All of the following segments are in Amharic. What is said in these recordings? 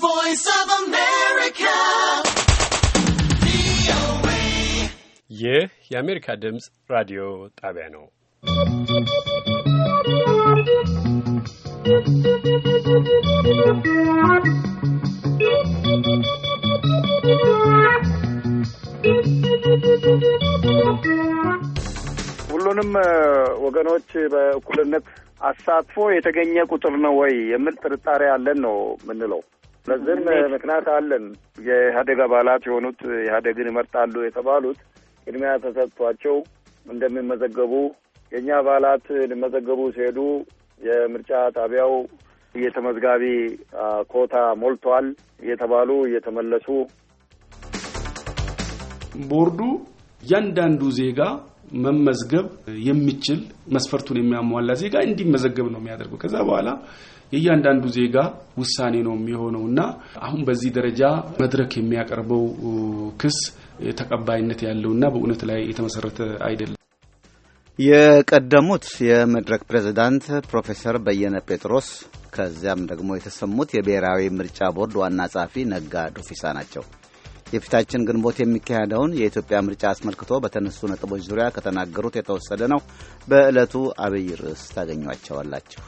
Voice of America. ይህ የአሜሪካ ድምፅ ራዲዮ ጣቢያ ነው። ሁሉንም ወገኖች በእኩልነት አሳትፎ የተገኘ ቁጥር ነው ወይ የሚል ጥርጣሬ ያለን ነው የምንለው። ለዚህም ምክንያት አለን። የኢህአዴግ አባላት የሆኑት ኢህአዴግን ይመርጣሉ የተባሉት ቅድሚያ ተሰጥቷቸው እንደሚመዘገቡ የእኛ አባላት ሊመዘገቡ ሲሄዱ የምርጫ ጣቢያው የተመዝጋቢ ኮታ ሞልቷል እየተባሉ እየተመለሱ ቦርዱ እያንዳንዱ ዜጋ መመዝገብ የሚችል መስፈርቱን የሚያሟላ ዜጋ እንዲመዘገብ ነው የሚያደርገው። ከዛ በኋላ የእያንዳንዱ ዜጋ ውሳኔ ነው የሚሆነው እና አሁን በዚህ ደረጃ መድረክ የሚያቀርበው ክስ ተቀባይነት ያለውና በእውነት ላይ የተመሰረተ አይደለም። የቀደሙት የመድረክ ፕሬዝዳንት ፕሮፌሰር በየነ ጴጥሮስ ከዚያም ደግሞ የተሰሙት የብሔራዊ ምርጫ ቦርድ ዋና ጸሐፊ ነጋ ዱፊሳ ናቸው። የፊታችን ግንቦት የሚካሄደውን የኢትዮጵያ ምርጫ አስመልክቶ በተነሱ ነጥቦች ዙሪያ ከተናገሩት የተወሰደ ነው። በዕለቱ አብይ ርዕስ ታገኟቸዋላችሁ።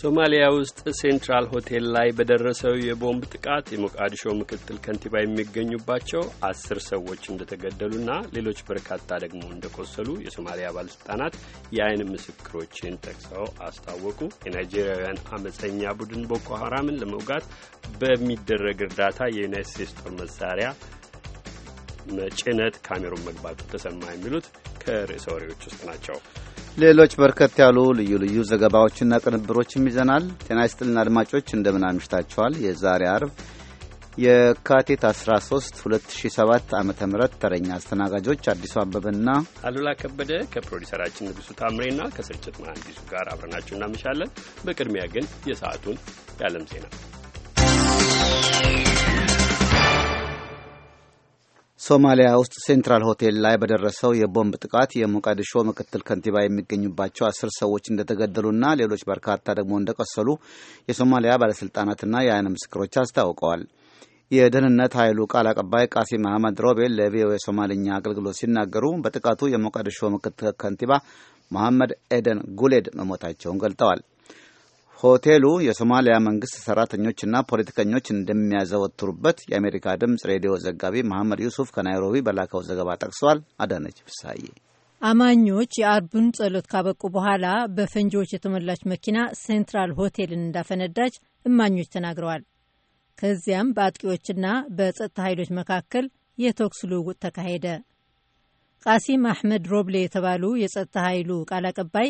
ሶማሊያ ውስጥ ሴንትራል ሆቴል ላይ በደረሰው የቦምብ ጥቃት የሞቃዲሾ ምክትል ከንቲባ የሚገኙባቸው አስር ሰዎች እንደተገደሉና ሌሎች በርካታ ደግሞ እንደቆሰሉ የሶማሊያ ባለስልጣናት የአይን ምስክሮችን ጠቅሰው አስታወቁ። የናይጄሪያውያን አመፀኛ ቡድን ቦኮ ሀራምን ለመውጋት በሚደረግ እርዳታ የዩናይት ስቴትስ ጦር መሳሪያ መጭነት ካሜሩን መግባቱ ተሰማ። የሚሉት ከርዕሰ ወሬዎች ውስጥ ናቸው። ሌሎች በርከት ያሉ ልዩ ልዩ ዘገባዎችና ቅንብሮችም ይዘናል። ጤና ይስጥልን አድማጮች እንደምን አምሽታችኋል። የዛሬ አርብ የካቲት 13 2007 ዓ ም ተረኛ አስተናጋጆች አዲሱ አበበና አሉላ ከበደ ከፕሮዲሰራችን ንጉሱ ታምሬና ከስርጭት መሐንዲሱ ጋር አብረናችሁ እናመሻለን። በቅድሚያ ግን የሰዓቱን የዓለም ዜና ሶማሊያ ውስጥ ሴንትራል ሆቴል ላይ በደረሰው የቦምብ ጥቃት የሞቃዲሾ ምክትል ከንቲባ የሚገኙባቸው አስር ሰዎች እንደተገደሉና ሌሎች በርካታ ደግሞ እንደቆሰሉ የሶማሊያ ባለሥልጣናትና የአይነ ምስክሮች አስታውቀዋል። የደህንነት ኃይሉ ቃል አቀባይ ቃሲም መሐመድ ሮቤል ለቪኦኤ ሶማልኛ አገልግሎት ሲናገሩ በጥቃቱ የሞቃዲሾ ምክትል ከንቲባ መሐመድ ኤደን ጉሌድ መሞታቸውን ገልጠዋል። ሆቴሉ የሶማሊያ መንግስት ሰራተኞችና ፖለቲከኞች እንደሚያዘወትሩበት የአሜሪካ ድምፅ ሬዲዮ ዘጋቢ መሐመድ ዩሱፍ ከናይሮቢ በላከው ዘገባ ጠቅሷል። አዳነች ፍሳዬ አማኞች የአርቡን ጸሎት ካበቁ በኋላ በፈንጂዎች የተሞላች መኪና ሴንትራል ሆቴልን እንዳፈነዳች እማኞች ተናግረዋል። ከዚያም በአጥቂዎችና በጸጥታ ኃይሎች መካከል የተኩስ ልውውጥ ተካሄደ። ቃሲም አሕመድ ሮብሌ የተባሉ የጸጥታ ኃይሉ ቃል አቀባይ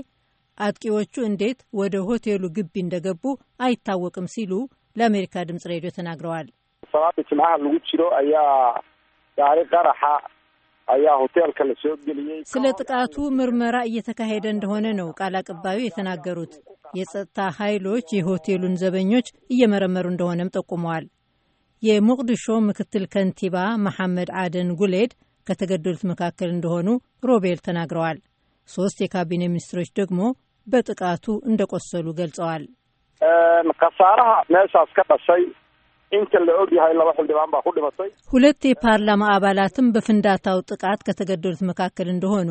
አጥቂዎቹ እንዴት ወደ ሆቴሉ ግቢ እንደገቡ አይታወቅም ሲሉ ለአሜሪካ ድምጽ ሬዲዮ ተናግረዋል። ስለ ጥቃቱ ምርመራ እየተካሄደ እንደሆነ ነው ቃል አቀባዩ የተናገሩት። የጸጥታ ኃይሎች የሆቴሉን ዘበኞች እየመረመሩ እንደሆነም ጠቁመዋል። የሞቅዲሾ ምክትል ከንቲባ መሐመድ አደን ጉሌድ ከተገደሉት መካከል እንደሆኑ ሮቤል ተናግረዋል። ሶስት የካቢኔ ሚኒስትሮች ደግሞ በጥቃቱ እንደቆሰሉ ገልጸዋል። ሁለት የፓርላማ አባላትም በፍንዳታው ጥቃት ከተገደሉት መካከል እንደሆኑ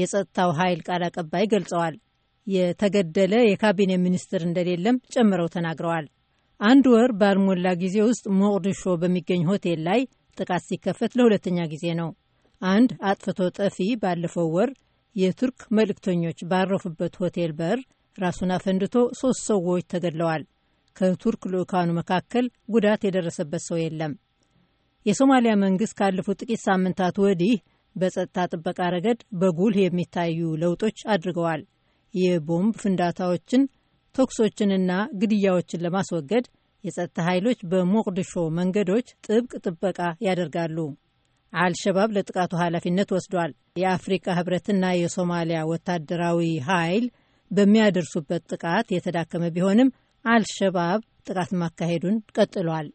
የጸጥታው ኃይል ቃል አቀባይ ገልጸዋል። የተገደለ የካቢኔ ሚኒስትር እንደሌለም ጨምረው ተናግረዋል። አንድ ወር ባልሞላ ጊዜ ውስጥ ሞቅዲሾ በሚገኝ ሆቴል ላይ ጥቃት ሲከፈት ለሁለተኛ ጊዜ ነው። አንድ አጥፍቶ ጠፊ ባለፈው ወር የቱርክ መልእክተኞች ባረፉበት ሆቴል በር ራሱን አፈንድቶ ሶስት ሰዎች ተገድለዋል። ከቱርክ ልዑካኑ መካከል ጉዳት የደረሰበት ሰው የለም። የሶማሊያ መንግስት ካለፉት ጥቂት ሳምንታት ወዲህ በጸጥታ ጥበቃ ረገድ በጉልህ የሚታዩ ለውጦች አድርገዋል። የቦምብ ፍንዳታዎችን፣ ተኩሶችንና ግድያዎችን ለማስወገድ የጸጥታ ኃይሎች በሞቅዲሾ መንገዶች ጥብቅ ጥበቃ ያደርጋሉ። አልሸባብ ለጥቃቱ ኃላፊነት ወስዷል። የአፍሪካ ህብረትና የሶማሊያ ወታደራዊ ኃይል በሚያደርሱበት ጥቃት የተዳከመ ቢሆንም አልሸባብ ጥቃት ማካሄዱን ቀጥሏል።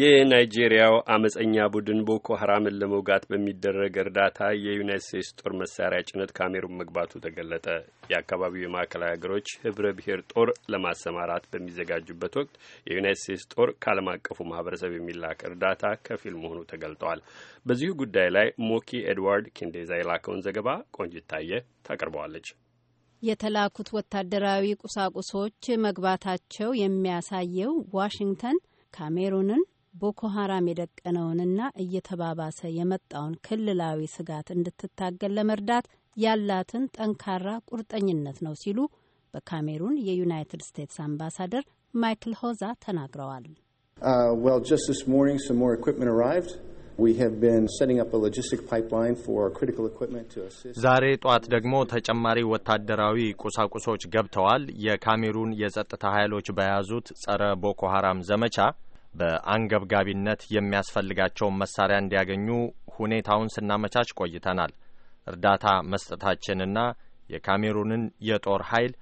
የናይጄሪያው አመፀኛ ቡድን ቦኮ ሀራምን ለመውጋት በሚደረግ እርዳታ የዩናይት ስቴትስ ጦር መሳሪያ ጭነት ካሜሩን መግባቱ ተገለጠ። የአካባቢው የማዕከላዊ ሀገሮች ህብረ ብሔር ጦር ለማሰማራት በሚዘጋጁበት ወቅት የዩናይት ስቴትስ ጦር ከዓለም አቀፉ ማህበረሰብ የሚላክ እርዳታ ከፊል መሆኑ ተገልጠዋል። በዚሁ ጉዳይ ላይ ሞኪ ኤድዋርድ ኪንዴዛ የላከውን ዘገባ ቆንጅታየ ታቀርበዋለች። የተላኩት ወታደራዊ ቁሳቁሶች መግባታቸው የሚያሳየው ዋሽንግተን ካሜሩንን ቦኮ ሀራም የደቀነውንና እየተባባሰ የመጣውን ክልላዊ ስጋት እንድትታገል ለመርዳት ያላትን ጠንካራ ቁርጠኝነት ነው ሲሉ በካሜሩን የዩናይትድ ስቴትስ አምባሳደር ማይክል ሆዛ ተናግረዋል። uh, ዛሬ ጧት ደግሞ ተጨማሪ ወታደራዊ ቁሳቁሶች ገብተዋል። የካሜሩን የጸጥታ ኃይሎች በያዙት ጸረ ቦኮ ሀራም ዘመቻ በአንገብጋቢነት የሚያስፈልጋቸውን መሳሪያ እንዲያገኙ ሁኔታውን ስናመቻች ቆይተናል። እርዳታ መስጠታችንና የካሜሩንን የጦር ኃይል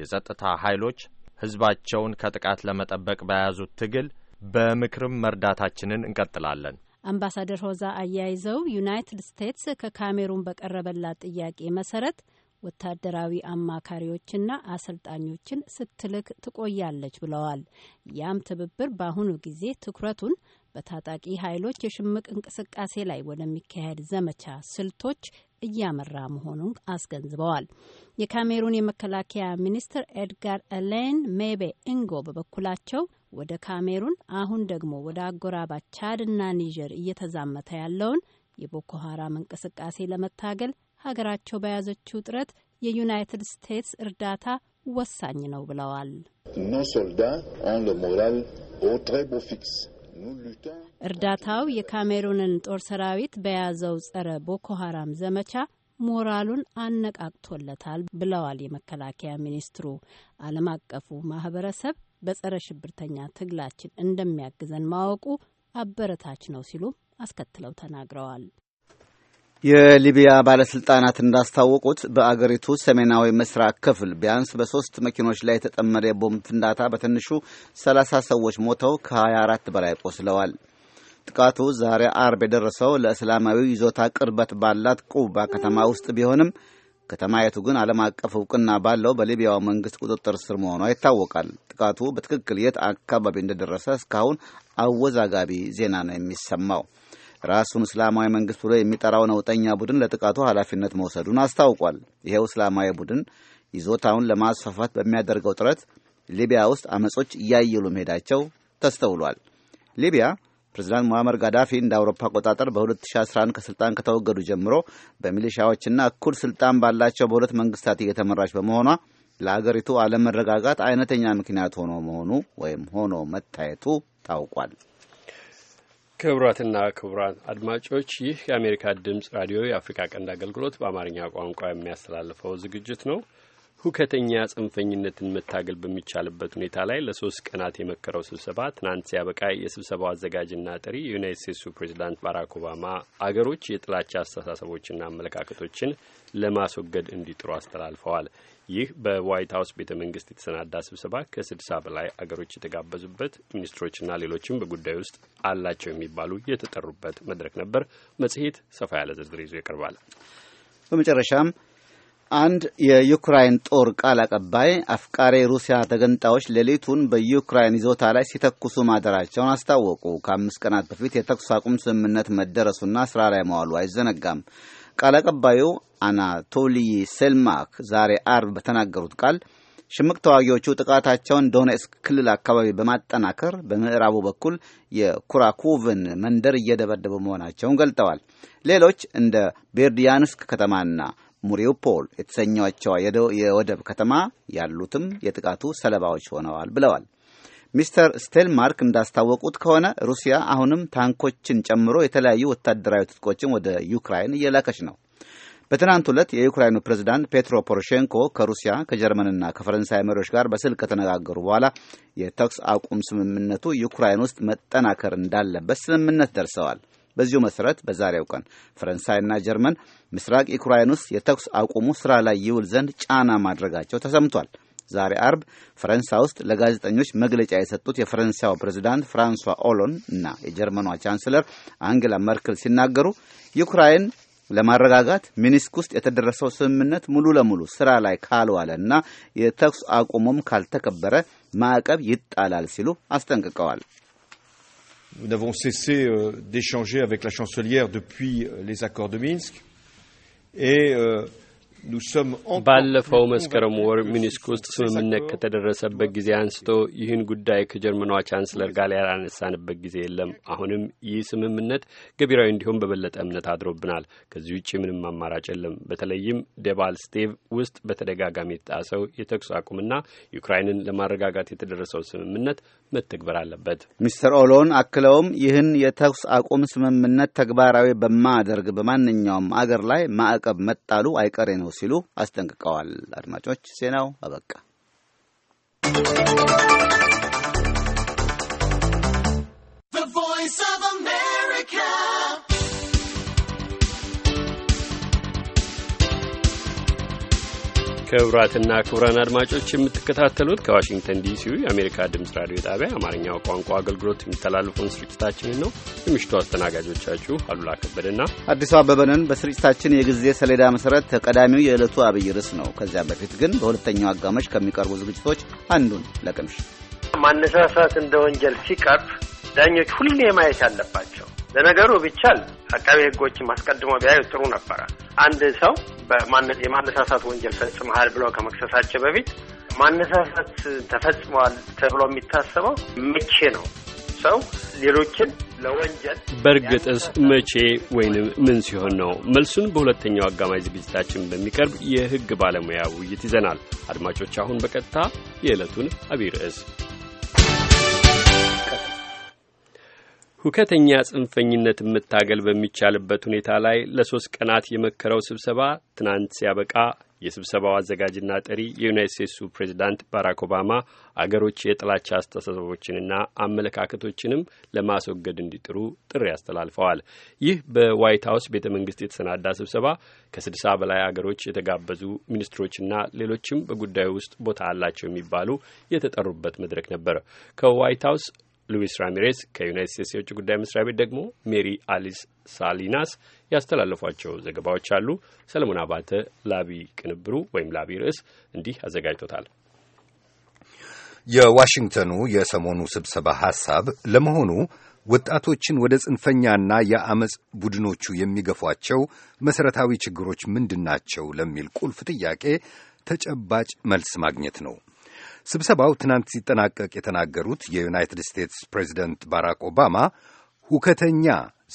የጸጥታ ኃይሎች ህዝባቸውን ከጥቃት ለመጠበቅ በያዙት ትግል በምክርም መርዳታችንን እንቀጥላለን። አምባሳደር ሆዛ አያይዘው ዩናይትድ ስቴትስ ከካሜሩን በቀረበላት ጥያቄ መሰረት ወታደራዊ አማካሪዎችና አሰልጣኞችን ስትልክ ትቆያለች ብለዋል። ያም ትብብር በአሁኑ ጊዜ ትኩረቱን በታጣቂ ኃይሎች የሽምቅ እንቅስቃሴ ላይ ወደሚካሄድ ዘመቻ ስልቶች እያመራ መሆኑን አስገንዝበዋል። የካሜሩን የመከላከያ ሚኒስትር ኤድጋር አሌን ሜቤ ኢንጎ በበኩላቸው ወደ ካሜሩን አሁን ደግሞ ወደ አጎራባች ቻድና ኒጀር እየተዛመተ ያለውን የቦኮ ሀራም እንቅስቃሴ ለመታገል ሀገራቸው በያዘችው ጥረት የዩናይትድ ስቴትስ እርዳታ ወሳኝ ነው ብለዋል። እርዳታው የካሜሩንን ጦር ሰራዊት በያዘው ጸረ ቦኮ ሀራም ዘመቻ ሞራሉን አነቃቅቶለታል ብለዋል የመከላከያ ሚኒስትሩ። ዓለም አቀፉ ማህበረሰብ በጸረ ሽብርተኛ ትግላችን እንደሚያግዘን ማወቁ አበረታች ነው ሲሉም አስከትለው ተናግረዋል። የሊቢያ ባለስልጣናት እንዳስታወቁት በአገሪቱ ሰሜናዊ ምስራቅ ክፍል ቢያንስ በሶስት መኪኖች ላይ የተጠመደ የቦምብ ፍንዳታ በትንሹ 30 ሰዎች ሞተው ከ24 በላይ ቆስለዋል። ጥቃቱ ዛሬ አርብ የደረሰው ለእስላማዊ ይዞታ ቅርበት ባላት ቁባ ከተማ ውስጥ ቢሆንም ከተማየቱ ግን ዓለም አቀፍ እውቅና ባለው በሊቢያው መንግስት ቁጥጥር ስር መሆኗ ይታወቃል። ጥቃቱ በትክክል የት አካባቢ እንደደረሰ እስካሁን አወዛጋቢ ዜና ነው የሚሰማው። ራሱን እስላማዊ መንግስት ብሎ የሚጠራው ነውጠኛ ቡድን ለጥቃቱ ኃላፊነት መውሰዱን አስታውቋል። ይኸው እስላማዊ ቡድን ይዞታውን ለማስፋፋት በሚያደርገው ጥረት ሊቢያ ውስጥ አመጾች እያየሉ መሄዳቸው ተስተውሏል። ሊቢያ ፕሬዚዳንት ሙአመር ጋዳፊ እንደ አውሮፓ አቆጣጠር በ2011 ከስልጣን ከተወገዱ ጀምሮ በሚሊሻዎችና እኩል ስልጣን ባላቸው በሁለት መንግስታት እየተመራች በመሆኗ ለአገሪቱ አለመረጋጋት አይነተኛ ምክንያት ሆኖ መሆኑ ወይም ሆኖ መታየቱ ታውቋል። ክቡራትና ክቡራን አድማጮች ይህ የአሜሪካ ድምፅ ራዲዮ የአፍሪካ ቀንድ አገልግሎት በአማርኛ ቋንቋ የሚያስተላልፈው ዝግጅት ነው። ሁከተኛ ጽንፈኝነትን መታገል በሚቻልበት ሁኔታ ላይ ለሶስት ቀናት የመከረው ስብሰባ ትናንት ሲያበቃ የስብሰባው አዘጋጅና ጥሪ የዩናይት ስቴትሱ ፕሬዚዳንት ባራክ ኦባማ አገሮች የጥላቻ አስተሳሰቦችና አመለካከቶችን ለማስወገድ እንዲጥሩ አስተላልፈዋል። ይህ በዋይት ሀውስ ቤተ መንግስት የተሰናዳ ስብሰባ ከስድሳ በላይ አገሮች የተጋበዙበት ሚኒስትሮችና ሌሎችም በጉዳዩ ውስጥ አላቸው የሚባሉ የተጠሩበት መድረክ ነበር። መጽሔት ሰፋ ያለ ዝርዝር ይዞ ይቀርባል። በመጨረሻም አንድ የዩክራይን ጦር ቃል አቀባይ አፍቃሪ ሩሲያ ተገንጣዮች ሌሊቱን በዩክራይን ይዞታ ላይ ሲተኩሱ ማደራቸውን አስታወቁ። ከአምስት ቀናት በፊት የተኩስ አቁም ስምምነት መደረሱና ስራ ላይ መዋሉ አይዘነጋም። ቃል አቀባዩ አናቶሊ ሴልማክ ዛሬ አርብ በተናገሩት ቃል ሽምቅ ተዋጊዎቹ ጥቃታቸውን ዶኔስክ ክልል አካባቢ በማጠናከር በምዕራቡ በኩል የኩራኩቭን መንደር እየደበደቡ መሆናቸውን ገልጠዋል። ሌሎች እንደ ቤርዲያንስክ ከተማና ሙሪውፖል የተሰኘቸው የወደብ ከተማ ያሉትም የጥቃቱ ሰለባዎች ሆነዋል ብለዋል። ሚስተር ስቴልማርክ እንዳስታወቁት ከሆነ ሩሲያ አሁንም ታንኮችን ጨምሮ የተለያዩ ወታደራዊ ትጥቆችን ወደ ዩክራይን እየላከች ነው። በትናንት ዕለት የዩክራይኑ ፕሬዝዳንት ፔትሮ ፖሮሼንኮ ከሩሲያ ከጀርመንና ከፈረንሳይ መሪዎች ጋር በስልክ ከተነጋገሩ በኋላ የተኩስ አቁም ስምምነቱ ዩክራይን ውስጥ መጠናከር እንዳለበት ስምምነት ደርሰዋል። በዚሁ መሰረት በዛሬው ቀን ፈረንሳይና ጀርመን ምስራቅ ዩክራይን ውስጥ የተኩስ አቁሙ ስራ ላይ ይውል ዘንድ ጫና ማድረጋቸው ተሰምቷል። ዛሬ አርብ ፈረንሳ ውስጥ ለጋዜጠኞች መግለጫ የሰጡት የፈረንሳው ፕሬዚዳንት ፍራንሷ ኦሎን እና የጀርመኗ ቻንስለር አንግላ መርክል ሲናገሩ ዩክራይን ለማረጋጋት ሚኒስክ ውስጥ የተደረሰው ስምምነት ሙሉ ለሙሉ ስራ ላይ ካልዋለ እና የተኩስ አቁሙም ካልተከበረ ማዕቀብ ይጣላል ሲሉ አስጠንቅቀዋል። Nous n'avons cessé euh, d'échanger avec la chancelière depuis les accords de Minsk et euh, ባለፈው መስከረም ወር ሚኒስክ ውስጥ ስምምነት ከተደረሰበት ጊዜ አንስቶ ይህን ጉዳይ ከጀርመኗ ቻንስለር ጋር ያላነሳንበት ጊዜ የለም። አሁንም ይህ ስምምነት ገቢራዊ እንዲሆን በበለጠ እምነት አድሮብናል። ከዚህ ውጭ ምንም አማራጭ የለም። በተለይም ደባልስቴቭ ውስጥ በተደጋጋሚ የተጣሰው የተኩስ አቁምና ዩክራይንን ለማረጋጋት የተደረሰው ስምምነት መተግበር አለበት። ሚስተር ኦሎን አክለውም ይህን የተኩስ አቁም ስምምነት ተግባራዊ በማደርግ በማንኛውም አገር ላይ ማዕቀብ መጣሉ አይቀሬ ነው ሲሉ አስጠንቅቀዋል። አድማጮች ዜናው አበቃ። ክቡራትና ክቡራን አድማጮች የምትከታተሉት ከዋሽንግተን ዲሲው የአሜሪካ ድምፅ ራዲዮ ጣቢያ አማርኛው ቋንቋ አገልግሎት የሚተላለፈውን ስርጭታችንን ነው። የምሽቱ አስተናጋጆቻችሁ አሉላ ከበደና አዲሱ አበበንን በስርጭታችን የጊዜ ሰሌዳ መሰረት ተቀዳሚው የዕለቱ አብይ ርዕስ ነው። ከዚያ በፊት ግን በሁለተኛው አጋማሽ ከሚቀርቡ ዝግጅቶች አንዱን ለቅምሽ ማነሳሳት እንደ ወንጀል ሲቀርብ ዳኞች ሁሌ ማየት አለባቸው። ለነገሩ ቢቻል አቃቤ ሕጎችም አስቀድሞ ቢያዩ ጥሩ ነበረ። አንድ ሰው የማነሳሳት ወንጀል ፈጽመሃል ብለው ከመክሰሳቸው በፊት ማነሳሳት ተፈጽመዋል ተብሎ የሚታሰበው መቼ ነው? ሰው ሌሎችን ለወንጀል በእርግጥስ መቼ ወይንም ምን ሲሆን ነው? መልሱን በሁለተኛው አጋማሽ ዝግጅታችን በሚቀርብ የሕግ ባለሙያ ውይይት ይዘናል። አድማጮች፣ አሁን በቀጥታ የዕለቱን አብይ ርዕስ ሁከተኛ ጽንፈኝነት መታገል በሚቻልበት ሁኔታ ላይ ለሶስት ቀናት የመከረው ስብሰባ ትናንት ሲያበቃ የስብሰባው አዘጋጅና ጠሪ የዩናይት ስቴትሱ ፕሬዚዳንት ባራክ ኦባማ አገሮች የጥላቻ አስተሳሰቦችንና አመለካከቶችንም ለማስወገድ እንዲጥሩ ጥሪ አስተላልፈዋል። ይህ በዋይት ሀውስ ቤተ መንግስት የተሰናዳ ስብሰባ ከስድሳ በላይ አገሮች የተጋበዙ ሚኒስትሮችና ሌሎችም በጉዳዩ ውስጥ ቦታ አላቸው የሚባሉ የተጠሩበት መድረክ ነበር። ከዋይት ሀውስ ሉዊስ ራሚሬስ ከዩናይት ስቴትስ የውጭ ጉዳይ መስሪያ ቤት ደግሞ ሜሪ አሊስ ሳሊናስ ያስተላለፏቸው ዘገባዎች አሉ። ሰለሞን አባተ ላቢ ቅንብሩ ወይም ላቢ ርዕስ እንዲህ አዘጋጅቶታል። የዋሽንግተኑ የሰሞኑ ስብሰባ ሐሳብ ለመሆኑ ወጣቶችን ወደ ጽንፈኛና የአመፅ ቡድኖቹ የሚገፏቸው መሠረታዊ ችግሮች ምንድናቸው? ለሚል ቁልፍ ጥያቄ ተጨባጭ መልስ ማግኘት ነው። ስብሰባው ትናንት ሲጠናቀቅ የተናገሩት የዩናይትድ ስቴትስ ፕሬዚደንት ባራክ ኦባማ ሁከተኛ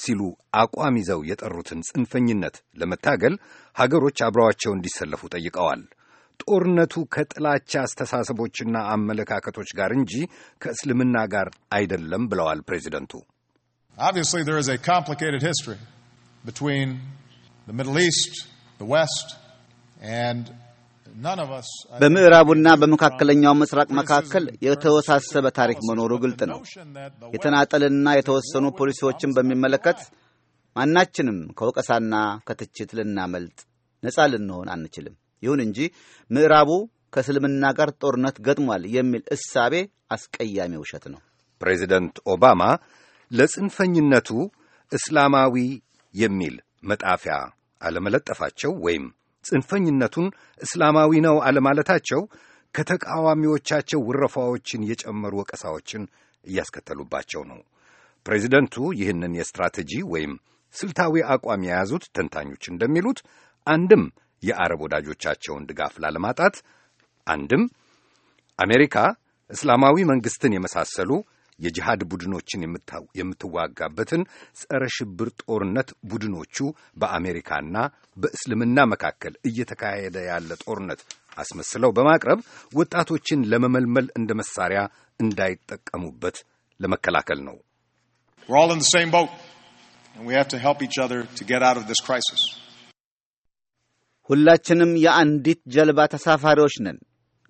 ሲሉ አቋም ይዘው የጠሩትን ጽንፈኝነት ለመታገል ሀገሮች አብረዋቸው እንዲሰለፉ ጠይቀዋል። ጦርነቱ ከጥላቻ አስተሳሰቦችና አመለካከቶች ጋር እንጂ ከእስልምና ጋር አይደለም ብለዋል ፕሬዚደንቱ። ስ በምዕራቡና በመካከለኛው ምስራቅ መካከል የተወሳሰበ ታሪክ መኖሩ ግልጥ ነው። የተናጠልና የተወሰኑ ፖሊሲዎችን በሚመለከት ማናችንም ከወቀሳና ከትችት ልናመልጥ ነጻ ልንሆን አንችልም። ይሁን እንጂ ምዕራቡ ከእስልምና ጋር ጦርነት ገጥሟል የሚል እሳቤ አስቀያሚ ውሸት ነው። ፕሬዚደንት ኦባማ ለጽንፈኝነቱ እስላማዊ የሚል መጣፊያ አለመለጠፋቸው ወይም ጽንፈኝነቱን እስላማዊ ነው አለማለታቸው ከተቃዋሚዎቻቸው ውረፋዎችን የጨመሩ ወቀሳዎችን እያስከተሉባቸው ነው። ፕሬዚደንቱ ይህንን የስትራቴጂ ወይም ስልታዊ አቋም የያዙት ተንታኞች እንደሚሉት አንድም የአረብ ወዳጆቻቸውን ድጋፍ ላለማጣት፣ አንድም አሜሪካ እስላማዊ መንግሥትን የመሳሰሉ የጂሃድ ቡድኖችን የምትዋጋበትን ጸረ ሽብር ጦርነት ቡድኖቹ በአሜሪካና በእስልምና መካከል እየተካሄደ ያለ ጦርነት አስመስለው በማቅረብ ወጣቶችን ለመመልመል እንደ መሳሪያ እንዳይጠቀሙበት ለመከላከል ነው። ሁላችንም የአንዲት ጀልባ ተሳፋሪዎች ነን።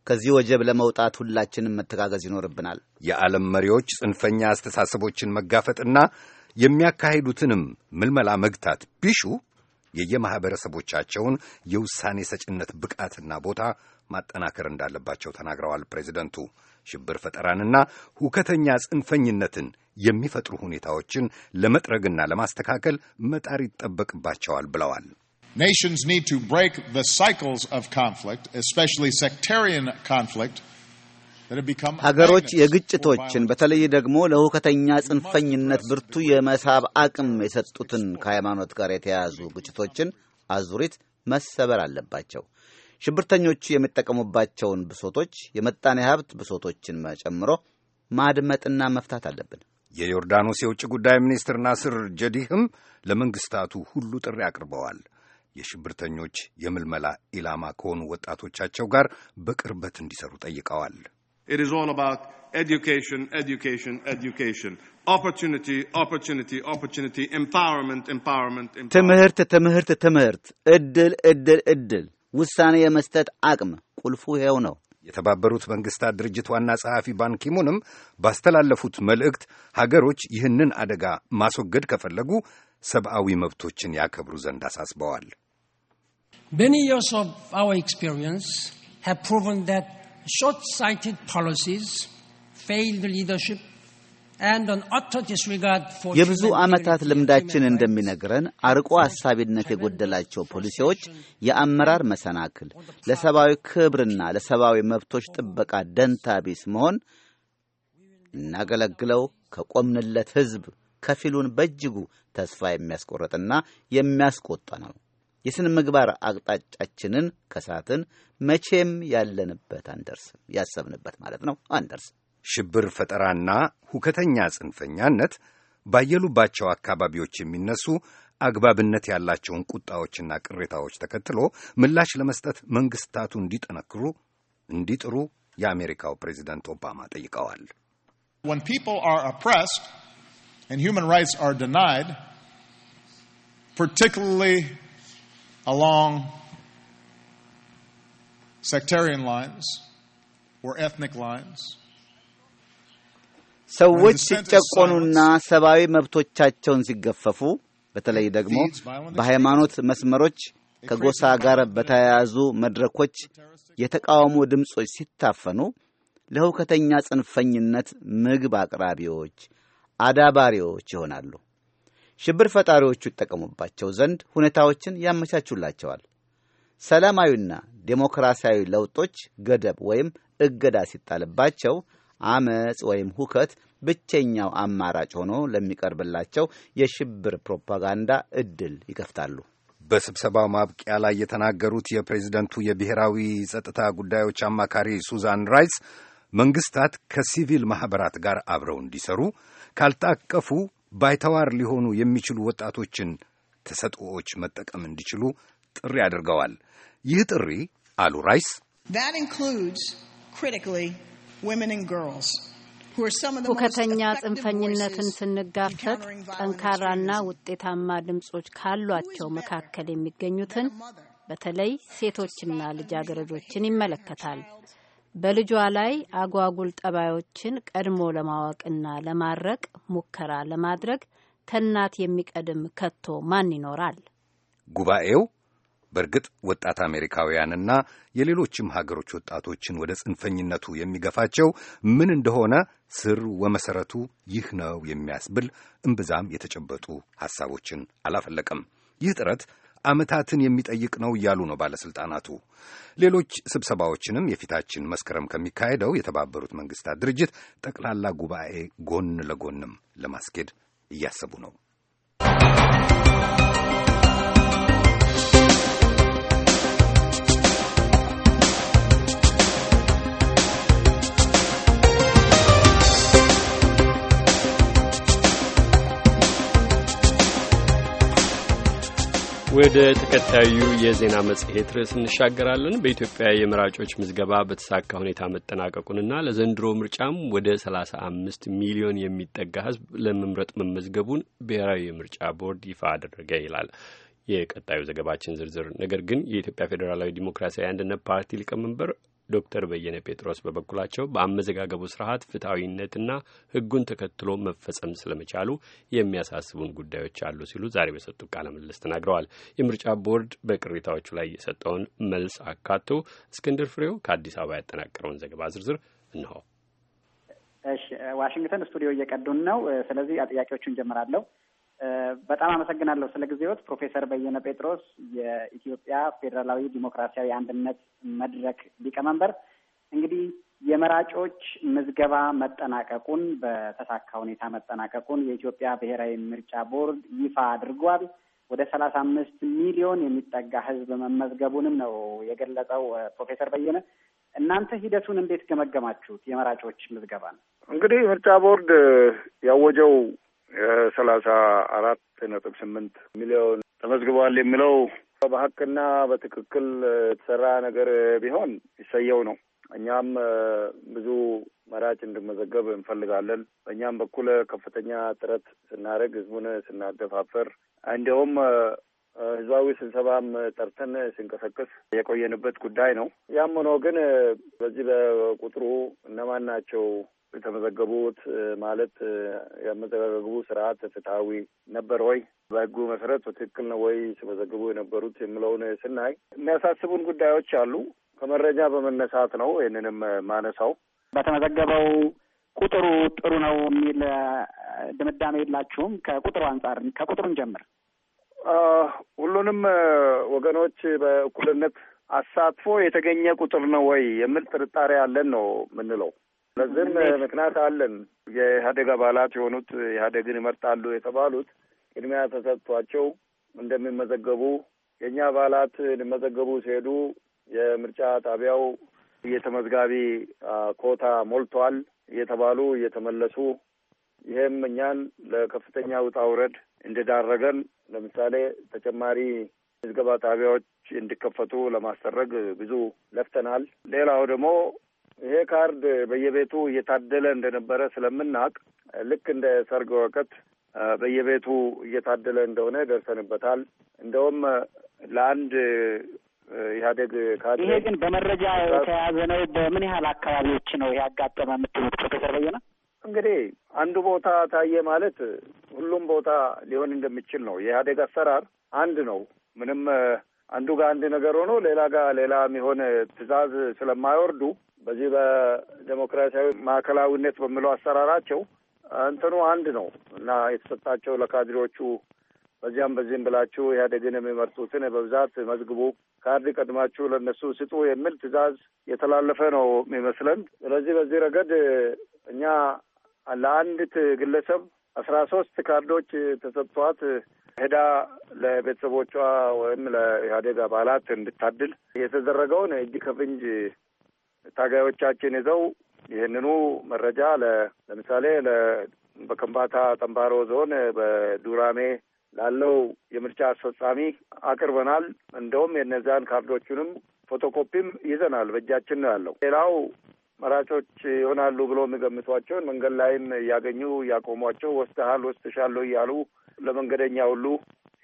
ከዚህ ወጀብ ለመውጣት ሁላችንም መተጋገዝ ይኖርብናል። የዓለም መሪዎች ጽንፈኛ አስተሳሰቦችን መጋፈጥና የሚያካሂዱትንም ምልመላ መግታት ቢሹ የየማኅበረሰቦቻቸውን የውሳኔ ሰጭነት ብቃትና ቦታ ማጠናከር እንዳለባቸው ተናግረዋል። ፕሬዚደንቱ ሽብር ፈጠራንና ሁከተኛ ጽንፈኝነትን የሚፈጥሩ ሁኔታዎችን ለመጥረግና ለማስተካከል መጣር ይጠበቅባቸዋል ብለዋል። Nations need to break the cycles of conflict, especially sectarian conflict. ሀገሮች የግጭቶችን በተለይ ደግሞ ለሁከተኛ ጽንፈኝነት ብርቱ የመሳብ አቅም የሰጡትን ከሃይማኖት ጋር የተያያዙ ግጭቶችን አዙሪት መሰበር አለባቸው። ሽብርተኞቹ የሚጠቀሙባቸውን ብሶቶች፣ የመጣኔ ሀብት ብሶቶችን ጨምሮ ማድመጥና መፍታት አለብን። የዮርዳኖስ የውጭ ጉዳይ ሚኒስትር ናስር ጀዲህም ለመንግስታቱ ሁሉ ጥሪ አቅርበዋል። የሽብርተኞች የምልመላ ኢላማ ከሆኑ ወጣቶቻቸው ጋር በቅርበት እንዲሰሩ ጠይቀዋል። ትምህርት፣ ትምህርት፣ ትምህርት፣ እድል፣ እድል፣ እድል፣ ውሳኔ የመስጠት አቅም ቁልፉ ይኸው ነው። የተባበሩት መንግስታት ድርጅት ዋና ጸሐፊ ባንኪሙንም ባስተላለፉት መልእክት ሀገሮች ይህንን አደጋ ማስወገድ ከፈለጉ ሰብአዊ መብቶችን ያከብሩ ዘንድ አሳስበዋል። Many years of our experience have proven that short sighted policies, failed leadership, የብዙ ዓመታት ልምዳችን እንደሚነግረን አርቆ አሳቢነት የጎደላቸው ፖሊሲዎች የአመራር መሰናክል፣ ለሰብአዊ ክብርና ለሰብአዊ መብቶች ጥበቃ ደንታ ቢስ መሆን እናገለግለው ከቆምንለት ሕዝብ ከፊሉን በእጅጉ ተስፋ የሚያስቆርጥና የሚያስቆጣ ነው። የስነ ምግባር አቅጣጫችንን ከሳትን መቼም ያለንበት አንደርስም፣ ያሰብንበት ማለት ነው አንደርስም። ሽብር ፈጠራና ሁከተኛ ጽንፈኛነት ባየሉባቸው አካባቢዎች የሚነሱ አግባብነት ያላቸውን ቁጣዎችና ቅሬታዎች ተከትሎ ምላሽ ለመስጠት መንግስታቱ እንዲጠነክሩ እንዲጥሩ የአሜሪካው ፕሬዚደንት ኦባማ ጠይቀዋል። along sectarian lines or ethnic lines. ሰዎች ሲጨቆኑና ሰብአዊ መብቶቻቸውን ሲገፈፉ በተለይ ደግሞ በሃይማኖት መስመሮች ከጎሳ ጋር በተያያዙ መድረኮች የተቃውሞ ድምፆች ሲታፈኑ ለሁከተኛ ጽንፈኝነት ምግብ አቅራቢዎች፣ አዳባሪዎች ይሆናሉ። ሽብር ፈጣሪዎቹ ይጠቀሙባቸው ዘንድ ሁኔታዎችን ያመቻቹላቸዋል። ሰላማዊና ዴሞክራሲያዊ ለውጦች ገደብ ወይም እገዳ ሲጣልባቸው አመፅ ወይም ሁከት ብቸኛው አማራጭ ሆኖ ለሚቀርብላቸው የሽብር ፕሮፓጋንዳ እድል ይከፍታሉ። በስብሰባው ማብቂያ ላይ የተናገሩት የፕሬዚደንቱ የብሔራዊ ጸጥታ ጉዳዮች አማካሪ ሱዛን ራይስ መንግስታት ከሲቪል ማኅበራት ጋር አብረው እንዲሰሩ ካልታቀፉ ባይተዋር ሊሆኑ የሚችሉ ወጣቶችን ተሰጥኦዎች መጠቀም እንዲችሉ ጥሪ አድርገዋል። ይህ ጥሪ አሉ ራይስ ሁከተኛ ጽንፈኝነትን ስንጋፈጥ ጠንካራና ውጤታማ ድምፆች ካሏቸው መካከል የሚገኙትን በተለይ ሴቶችና ልጃገረዶችን ይመለከታል። በልጇ ላይ አጓጉል ጠባዮችን ቀድሞ ለማወቅና ለማድረቅ ሙከራ ለማድረግ ከእናት የሚቀድም ከቶ ማን ይኖራል? ጉባኤው በእርግጥ ወጣት አሜሪካውያንና የሌሎችም ሀገሮች ወጣቶችን ወደ ጽንፈኝነቱ የሚገፋቸው ምን እንደሆነ ስር ወመሰረቱ ይህ ነው የሚያስብል እምብዛም የተጨበጡ ሐሳቦችን አላፈለቀም። ይህ ጥረት ዓመታትን የሚጠይቅ ነው እያሉ ነው ባለሥልጣናቱ። ሌሎች ስብሰባዎችንም የፊታችን መስከረም ከሚካሄደው የተባበሩት መንግሥታት ድርጅት ጠቅላላ ጉባኤ ጎን ለጎንም ለማስኬድ እያሰቡ ነው። ወደ ተከታዩ የዜና መጽሔት ርዕስ እንሻገራለን። በኢትዮጵያ የመራጮች ምዝገባ በተሳካ ሁኔታ መጠናቀቁንና ለዘንድሮ ምርጫም ወደ 35 ሚሊዮን የሚጠጋ ሕዝብ ለመምረጥ መመዝገቡን ብሔራዊ የምርጫ ቦርድ ይፋ አደረገ ይላል የቀጣዩ ዘገባችን ዝርዝር። ነገር ግን የኢትዮጵያ ፌዴራላዊ ዲሞክራሲያዊ አንድነት ፓርቲ ሊቀመንበር ዶክተር በየነ ጴጥሮስ በበኩላቸው በአመዘጋገቡ ስርዓት ፍትሐዊነትና ህጉን ተከትሎ መፈጸም ስለመቻሉ የሚያሳስቡን ጉዳዮች አሉ ሲሉ ዛሬ በሰጡት ቃለ ምልልስ ተናግረዋል። የምርጫ ቦርድ በቅሬታዎቹ ላይ የሰጠውን መልስ አካቶ እስክንድር ፍሬው ከአዲስ አበባ ያጠናቀረውን ዘገባ ዝርዝር እንሆ። እሺ፣ ዋሽንግተን ስቱዲዮ እየቀዱን ነው። ስለዚህ ጥያቄዎቹ ጀምራለሁ። በጣም አመሰግናለሁ ስለ ጊዜዎት ፕሮፌሰር በየነ ጴጥሮስ የኢትዮጵያ ፌዴራላዊ ዲሞክራሲያዊ አንድነት መድረክ ሊቀመንበር። እንግዲህ የመራጮች ምዝገባ መጠናቀቁን በተሳካ ሁኔታ መጠናቀቁን የኢትዮጵያ ብሔራዊ ምርጫ ቦርድ ይፋ አድርጓል። ወደ ሰላሳ አምስት ሚሊዮን የሚጠጋ ህዝብ መመዝገቡንም ነው የገለጸው ፕሮፌሰር በየነ እናንተ ሂደቱን እንዴት ገመገማችሁት? የመራጮች ምዝገባ ነው እንግዲህ ምርጫ ቦርድ ያወጀው የሰላሳ አራት ነጥብ ስምንት ሚሊዮን ተመዝግቧል የሚለው በሀቅና በትክክል የተሰራ ነገር ቢሆን ይሰየው ነው። እኛም ብዙ መራጭ እንድመዘገብ እንፈልጋለን። በእኛም በኩል ከፍተኛ ጥረት ስናደርግ፣ ህዝቡን ስናደፋፈር እንዲሁም ህዝባዊ ስብሰባም ጠርተን ስንቀሰቅስ የቆየንበት ጉዳይ ነው። ያም ሆኖ ግን በዚህ በቁጥሩ እነማን ናቸው የተመዘገቡት ማለት የመዘጋገቡ ስርዓት ፍትሐዊ ነበር ወይ፣ በህጉ መሰረት በትክክል ነው ወይ ሲመዘግቡ የነበሩት የሚለውን ስናይ የሚያሳስቡን ጉዳዮች አሉ። ከመረጃ በመነሳት ነው ይህንንም ማነሳው። በተመዘገበው ቁጥሩ ጥሩ ነው የሚል ድምዳሜ የላችሁም? ከቁጥሩ አንጻር ከቁጥሩን ጀምር ሁሉንም ወገኖች በእኩልነት አሳትፎ የተገኘ ቁጥር ነው ወይ የሚል ጥርጣሬ አለን ነው የምንለው። ለዚህም ምክንያት አለን። የኢህአዴግ አባላት የሆኑት ኢህአዴግን ይመርጣሉ የተባሉት ቅድሚያ ተሰጥቷቸው እንደሚመዘገቡ የእኛ አባላት ሊመዘገቡ ሲሄዱ የምርጫ ጣቢያው የተመዝጋቢ ኮታ ሞልቷል እየተባሉ እየተመለሱ ይህም እኛን ለከፍተኛ ውጣ ውረድ እንደዳረገን ለምሳሌ ተጨማሪ ምዝገባ ጣቢያዎች እንዲከፈቱ ለማስደረግ ብዙ ለፍተናል። ሌላው ደግሞ ይሄ ካርድ በየቤቱ እየታደለ እንደነበረ ስለምናውቅ ልክ እንደ ሰርግ ወቅት በየቤቱ እየታደለ እንደሆነ ደርሰንበታል። እንደውም ለአንድ ኢህአዴግ ካድሬ ይሄ ግን በመረጃ የተያዘ ነው። በምን ያህል አካባቢዎች ነው ያጋጠመ የምትሉት ፕሮፌሰር በየነ? እንግዲህ አንዱ ቦታ ታየ ማለት ሁሉም ቦታ ሊሆን እንደሚችል ነው። የኢህአዴግ አሰራር አንድ ነው። ምንም አንዱ ጋር አንድ ነገር ሆኖ ሌላ ጋር ሌላ የሚሆን ትዕዛዝ ስለማይወርዱ በዚህ በዴሞክራሲያዊ ማዕከላዊነት በሚለው አሰራራቸው እንትኑ አንድ ነው እና የተሰጣቸው ለካድሬዎቹ በዚያም በዚህም ብላችሁ ኢህአዴግን የሚመርጡትን በብዛት መዝግቡ፣ ካርድ ቀድማችሁ ለእነሱ ስጡ የሚል ትዕዛዝ የተላለፈ ነው የሚመስለን። ስለዚህ በዚህ ረገድ እኛ ለአንዲት ግለሰብ አስራ ሶስት ካርዶች ተሰጥቷት ሄዳ ለቤተሰቦቿ ወይም ለኢህአዴግ አባላት እንድታድል የተደረገውን እጅ ከፍንጅ ታጋዮቻችን ይዘው ይህንኑ መረጃ ለምሳሌ በከምባታ ጠንባሮ ዞን በዱራሜ ላለው የምርጫ አስፈጻሚ አቅርበናል። እንደውም የነዚያን ካርዶቹንም ፎቶኮፒም ይዘናል፣ በእጃችን ነው ያለው። ሌላው መራጮች ይሆናሉ ብሎ የሚገምቷቸውን መንገድ ላይም እያገኙ እያቆሟቸው ወስደሃል ወስድሻለሁ እያሉ ለመንገደኛ ሁሉ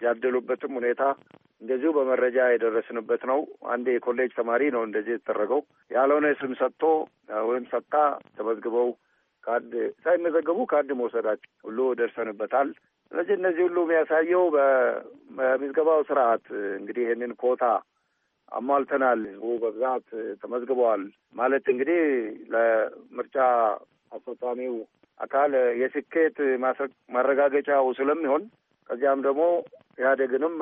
ያደሉበትም ሁኔታ እንደዚሁ በመረጃ የደረስንበት ነው። አንድ የኮሌጅ ተማሪ ነው እንደዚህ የተደረገው። ያልሆነ ስም ሰጥቶ ወይም ሰጥታ ተመዝግበው ካርድ ሳይመዘገቡ ካርድ መውሰዳቸው ሁሉ ደርሰንበታል። ስለዚህ እነዚህ ሁሉ የሚያሳየው በምዝገባው ስርዓት እንግዲህ ይህንን ኮታ አሟልተናል፣ ህዝቡ በብዛት ተመዝግበዋል ማለት እንግዲህ ለምርጫ አስፈጻሚው አካል የስኬት ማረጋገጫው ስለሚሆን ከዚያም ደግሞ ኢህአዴግንም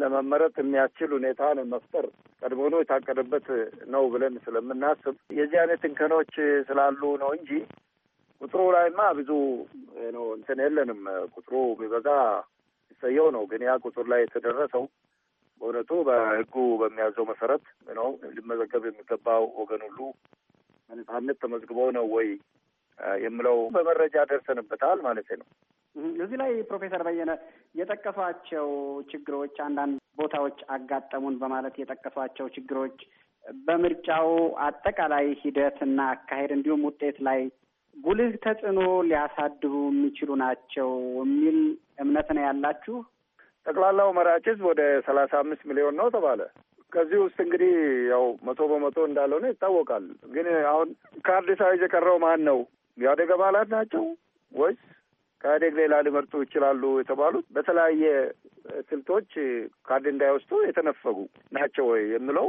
ለመመረጥ የሚያስችል ሁኔታን መፍጠር ቀድሞኑ የታቀደበት ነው ብለን ስለምናስብ የዚህ አይነት እንከኖች ስላሉ ነው እንጂ ቁጥሩ ላይማ ብዙ ነው እንትን የለንም። ቁጥሩ ቢበዛ ይሰየው ነው። ግን ያ ቁጥር ላይ የተደረሰው በእውነቱ በህጉ በሚያዘው መሰረት ነው ሊመዘገብ የሚገባው ወገን ሁሉ በነጻነት ተመዝግቦ ነው ወይ የምለው በመረጃ ደርሰንበታል ማለት ነው። እዚህ ላይ ፕሮፌሰር በየነ የጠቀሷቸው ችግሮች አንዳንድ ቦታዎች አጋጠሙን በማለት የጠቀሷቸው ችግሮች በምርጫው አጠቃላይ እና አካሄድ እንዲሁም ውጤት ላይ ጉልህ ተጽዕኖ ሊያሳድሩ የሚችሉ ናቸው የሚል እምነት ነው ያላችሁ? ጠቅላላው መራጭ ህዝብ ወደ ሰላሳ አምስት ሚሊዮን ነው ተባለ። ከዚህ ውስጥ እንግዲህ ያው መቶ በመቶ እንዳልሆነ ይታወቃል። ግን አሁን ካርድ ሳይዝ የቀረው ማን ነው? የአደግ አባላት ናቸው ወይስ ከአደግ ሌላ ሊመርጡ ይችላሉ የተባሉት በተለያየ ስልቶች ካርድ እንዳይወስዱ የተነፈጉ ናቸው ወይ የምለው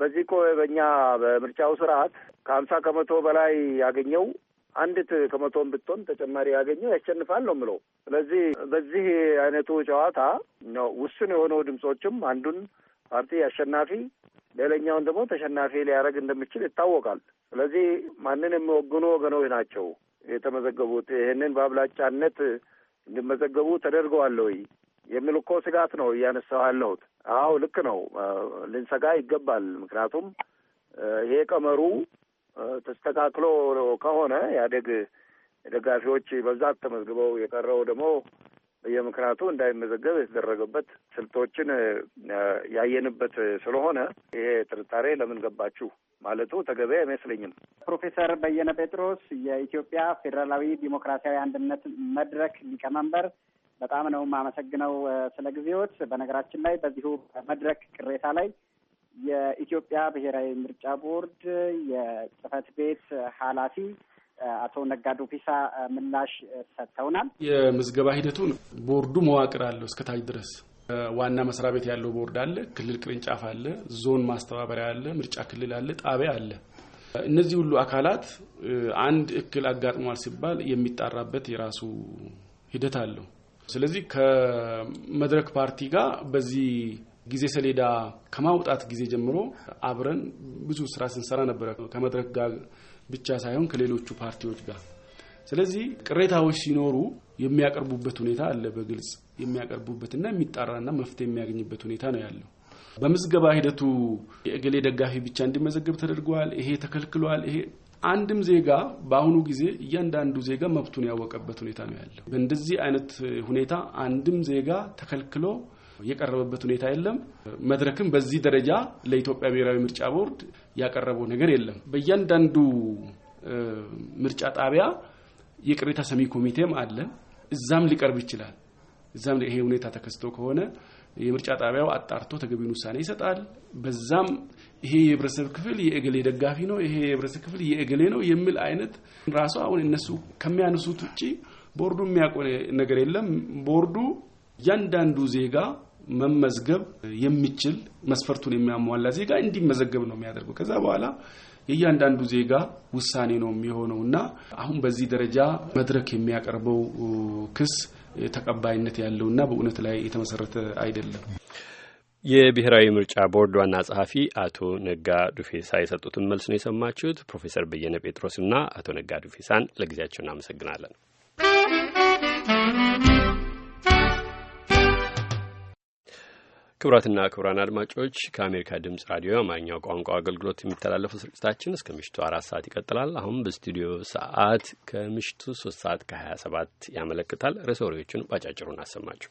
በዚህ እኮ በእኛ በምርጫው ስርዓት ከሀምሳ ከመቶ በላይ ያገኘው አንዲት ከመቶን ብትሆን ተጨማሪ ያገኘው ያሸንፋል ነው ምለው። ስለዚህ በዚህ አይነቱ ጨዋታ ውሱን የሆነው ድምፆችም አንዱን ፓርቲ አሸናፊ ሌላኛውን ደግሞ ተሸናፊ ሊያደርግ እንደሚችል ይታወቃል። ስለዚህ ማንን የሚወግኑ ወገኖች ናቸው የተመዘገቡት? ይህንን በአብላጫነት እንዲመዘገቡ ተደርገዋል ወይ የሚል እኮ ስጋት ነው እያነሳሁ ያለሁት። አዎ ልክ ነው፣ ልንሰጋ ይገባል። ምክንያቱም ይሄ ቀመሩ ተስተካክሎ ከሆነ ኢህአዴግ ደጋፊዎች በብዛት ተመዝግበው የቀረው ደግሞ በየምክንያቱ እንዳይመዘገብ የተደረገበት ስልቶችን ያየንበት ስለሆነ ይሄ ጥርጣሬ ለምን ገባችሁ ማለቱ ተገቢ አይመስለኝም። ፕሮፌሰር በየነ ጴጥሮስ የኢትዮጵያ ፌዴራላዊ ዲሞክራሲያዊ አንድነት መድረክ ሊቀመንበር፣ በጣም ነው የማመሰግነው ስለ ጊዜዎት። በነገራችን ላይ በዚሁ መድረክ ቅሬታ ላይ የኢትዮጵያ ብሔራዊ ምርጫ ቦርድ የጽህፈት ቤት ኃላፊ አቶ ነጋዶ ፒሳ ምላሽ ሰጥተውናል። የምዝገባ ሂደቱን ቦርዱ መዋቅር አለው ታች ድረስ ዋና መስሪያ ቤት ያለው ቦርድ አለ፣ ክልል ቅርንጫፍ አለ፣ ዞን ማስተባበሪያ አለ፣ ምርጫ ክልል አለ፣ ጣቢያ አለ። እነዚህ ሁሉ አካላት አንድ እክል አጋጥሟል ሲባል የሚጣራበት የራሱ ሂደት አለው። ስለዚህ ከመድረክ ፓርቲ ጋር በዚህ ጊዜ ሰሌዳ ከማውጣት ጊዜ ጀምሮ አብረን ብዙ ስራ ስንሰራ ነበረ ከመድረክ ጋር ብቻ ሳይሆን ከሌሎቹ ፓርቲዎች ጋር። ስለዚህ ቅሬታዎች ሲኖሩ የሚያቀርቡበት ሁኔታ አለ። በግልጽ የሚያቀርቡበትና የሚጣራና መፍትሄ የሚያገኝበት ሁኔታ ነው ያለው። በምዝገባ ሂደቱ የእገሌ ደጋፊ ብቻ እንዲመዘገብ ተደርጓል። ይሄ ተከልክሏል። ይሄ አንድም ዜጋ በአሁኑ ጊዜ እያንዳንዱ ዜጋ መብቱን ያወቀበት ሁኔታ ነው ያለው። በእንደዚህ አይነት ሁኔታ አንድም ዜጋ ተከልክሎ የቀረበበት ሁኔታ የለም። መድረክም በዚህ ደረጃ ለኢትዮጵያ ብሔራዊ ምርጫ ቦርድ ያቀረበው ነገር የለም። በእያንዳንዱ ምርጫ ጣቢያ የቅሬታ ሰሚ ኮሚቴም አለ። እዛም ሊቀርብ ይችላል። እዛም ይሄ ሁኔታ ተከስቶ ከሆነ የምርጫ ጣቢያው አጣርቶ ተገቢውን ውሳኔ ይሰጣል። በዛም ይሄ የህብረተሰብ ክፍል የእገሌ ደጋፊ ነው፣ ይሄ የህብረተሰብ ክፍል የእገሌ ነው የሚል አይነት ራሱ አሁን እነሱ ከሚያነሱት ውጭ ቦርዱ የሚያውቅ ነገር የለም። ቦርዱ እያንዳንዱ ዜጋ መመዝገብ የሚችል መስፈርቱን የሚያሟላ ዜጋ እንዲመዘገብ ነው የሚያደርገው። ከዛ በኋላ የእያንዳንዱ ዜጋ ውሳኔ ነው የሚሆነው እና አሁን በዚህ ደረጃ መድረክ የሚያቀርበው ክስ ተቀባይነት ያለው እና በእውነት ላይ የተመሰረተ አይደለም። የብሔራዊ ምርጫ ቦርድ ዋና ጸሐፊ አቶ ነጋ ዱፌሳ የሰጡትን መልስ ነው የሰማችሁት። ፕሮፌሰር በየነ ጴጥሮስና አቶ ነጋ ዱፌሳን ለጊዜያቸው እናመሰግናለን። ክቡራትና ክቡራን አድማጮች ከአሜሪካ ድምፅ ራዲዮ የአማርኛው ቋንቋ አገልግሎት የሚተላለፈው ስርጭታችን እስከ ምሽቱ አራት ሰዓት ይቀጥላል። አሁን በስቱዲዮ ሰዓት ከምሽቱ ሶስት ሰዓት ከሀያ ሰባት ያመለክታል። ርዕሰ ወሬዎቹን ባጫጭሩን አሰማችሁ።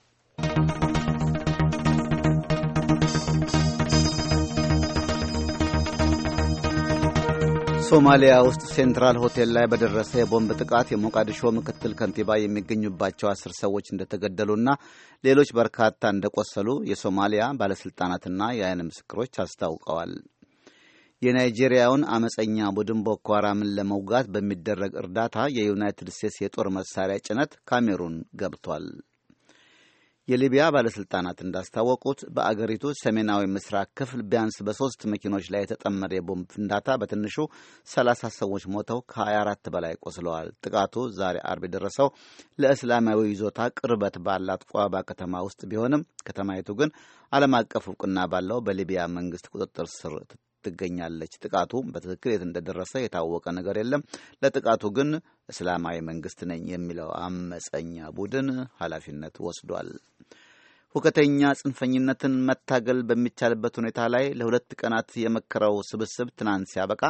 ሶማሊያ ውስጥ ሴንትራል ሆቴል ላይ በደረሰ የቦምብ ጥቃት የሞቃዲሾ ምክትል ከንቲባ የሚገኙባቸው አስር ሰዎች እንደተገደሉና ሌሎች በርካታ እንደቆሰሉ የሶማሊያ ባለሥልጣናትና የዓይን ምስክሮች አስታውቀዋል። የናይጄሪያውን አመፀኛ ቡድን ቦኮ ሃራምን ለመውጋት በሚደረግ እርዳታ የዩናይትድ ስቴትስ የጦር መሳሪያ ጭነት ካሜሩን ገብቷል። የሊቢያ ባለሥልጣናት እንዳስታወቁት በአገሪቱ ሰሜናዊ ምስራቅ ክፍል ቢያንስ በሦስት መኪኖች ላይ የተጠመደ የቦምብ ፍንዳታ በትንሹ 30 ሰዎች ሞተው ከ24 በላይ ቆስለዋል። ጥቃቱ ዛሬ አርብ የደረሰው ለእስላማዊ ይዞታ ቅርበት ባላት ቋባ ከተማ ውስጥ ቢሆንም ከተማይቱ ግን ዓለም አቀፍ እውቅና ባለው በሊቢያ መንግሥት ቁጥጥር ስር ትገኛለች። ጥቃቱ በትክክል የት እንደደረሰ የታወቀ ነገር የለም። ለጥቃቱ ግን እስላማዊ መንግስት ነኝ የሚለው አመፀኛ ቡድን ኃላፊነት ወስዷል። ሁከተኛ ጽንፈኝነትን መታገል በሚቻልበት ሁኔታ ላይ ለሁለት ቀናት የመከረው ስብስብ ትናንት ሲያበቃ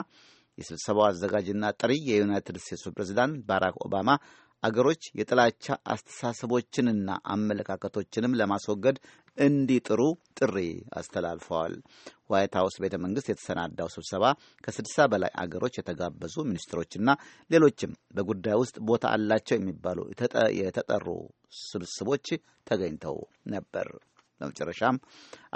የስብሰባው አዘጋጅና ጥሪ የዩናይትድ ስቴትሱ ፕሬዚዳንት ባራክ ኦባማ አገሮች የጥላቻ አስተሳሰቦችንና አመለካከቶችንም ለማስወገድ እንዲጥሩ ጥሪ አስተላልፈዋል። ዋይት ሀውስ ቤተ መንግስት የተሰናዳው ስብሰባ ከስድሳ በላይ አገሮች የተጋበዙ ሚኒስትሮችና ሌሎችም በጉዳይ ውስጥ ቦታ አላቸው የሚባሉ የተጠሩ ስብስቦች ተገኝተው ነበር። በመጨረሻም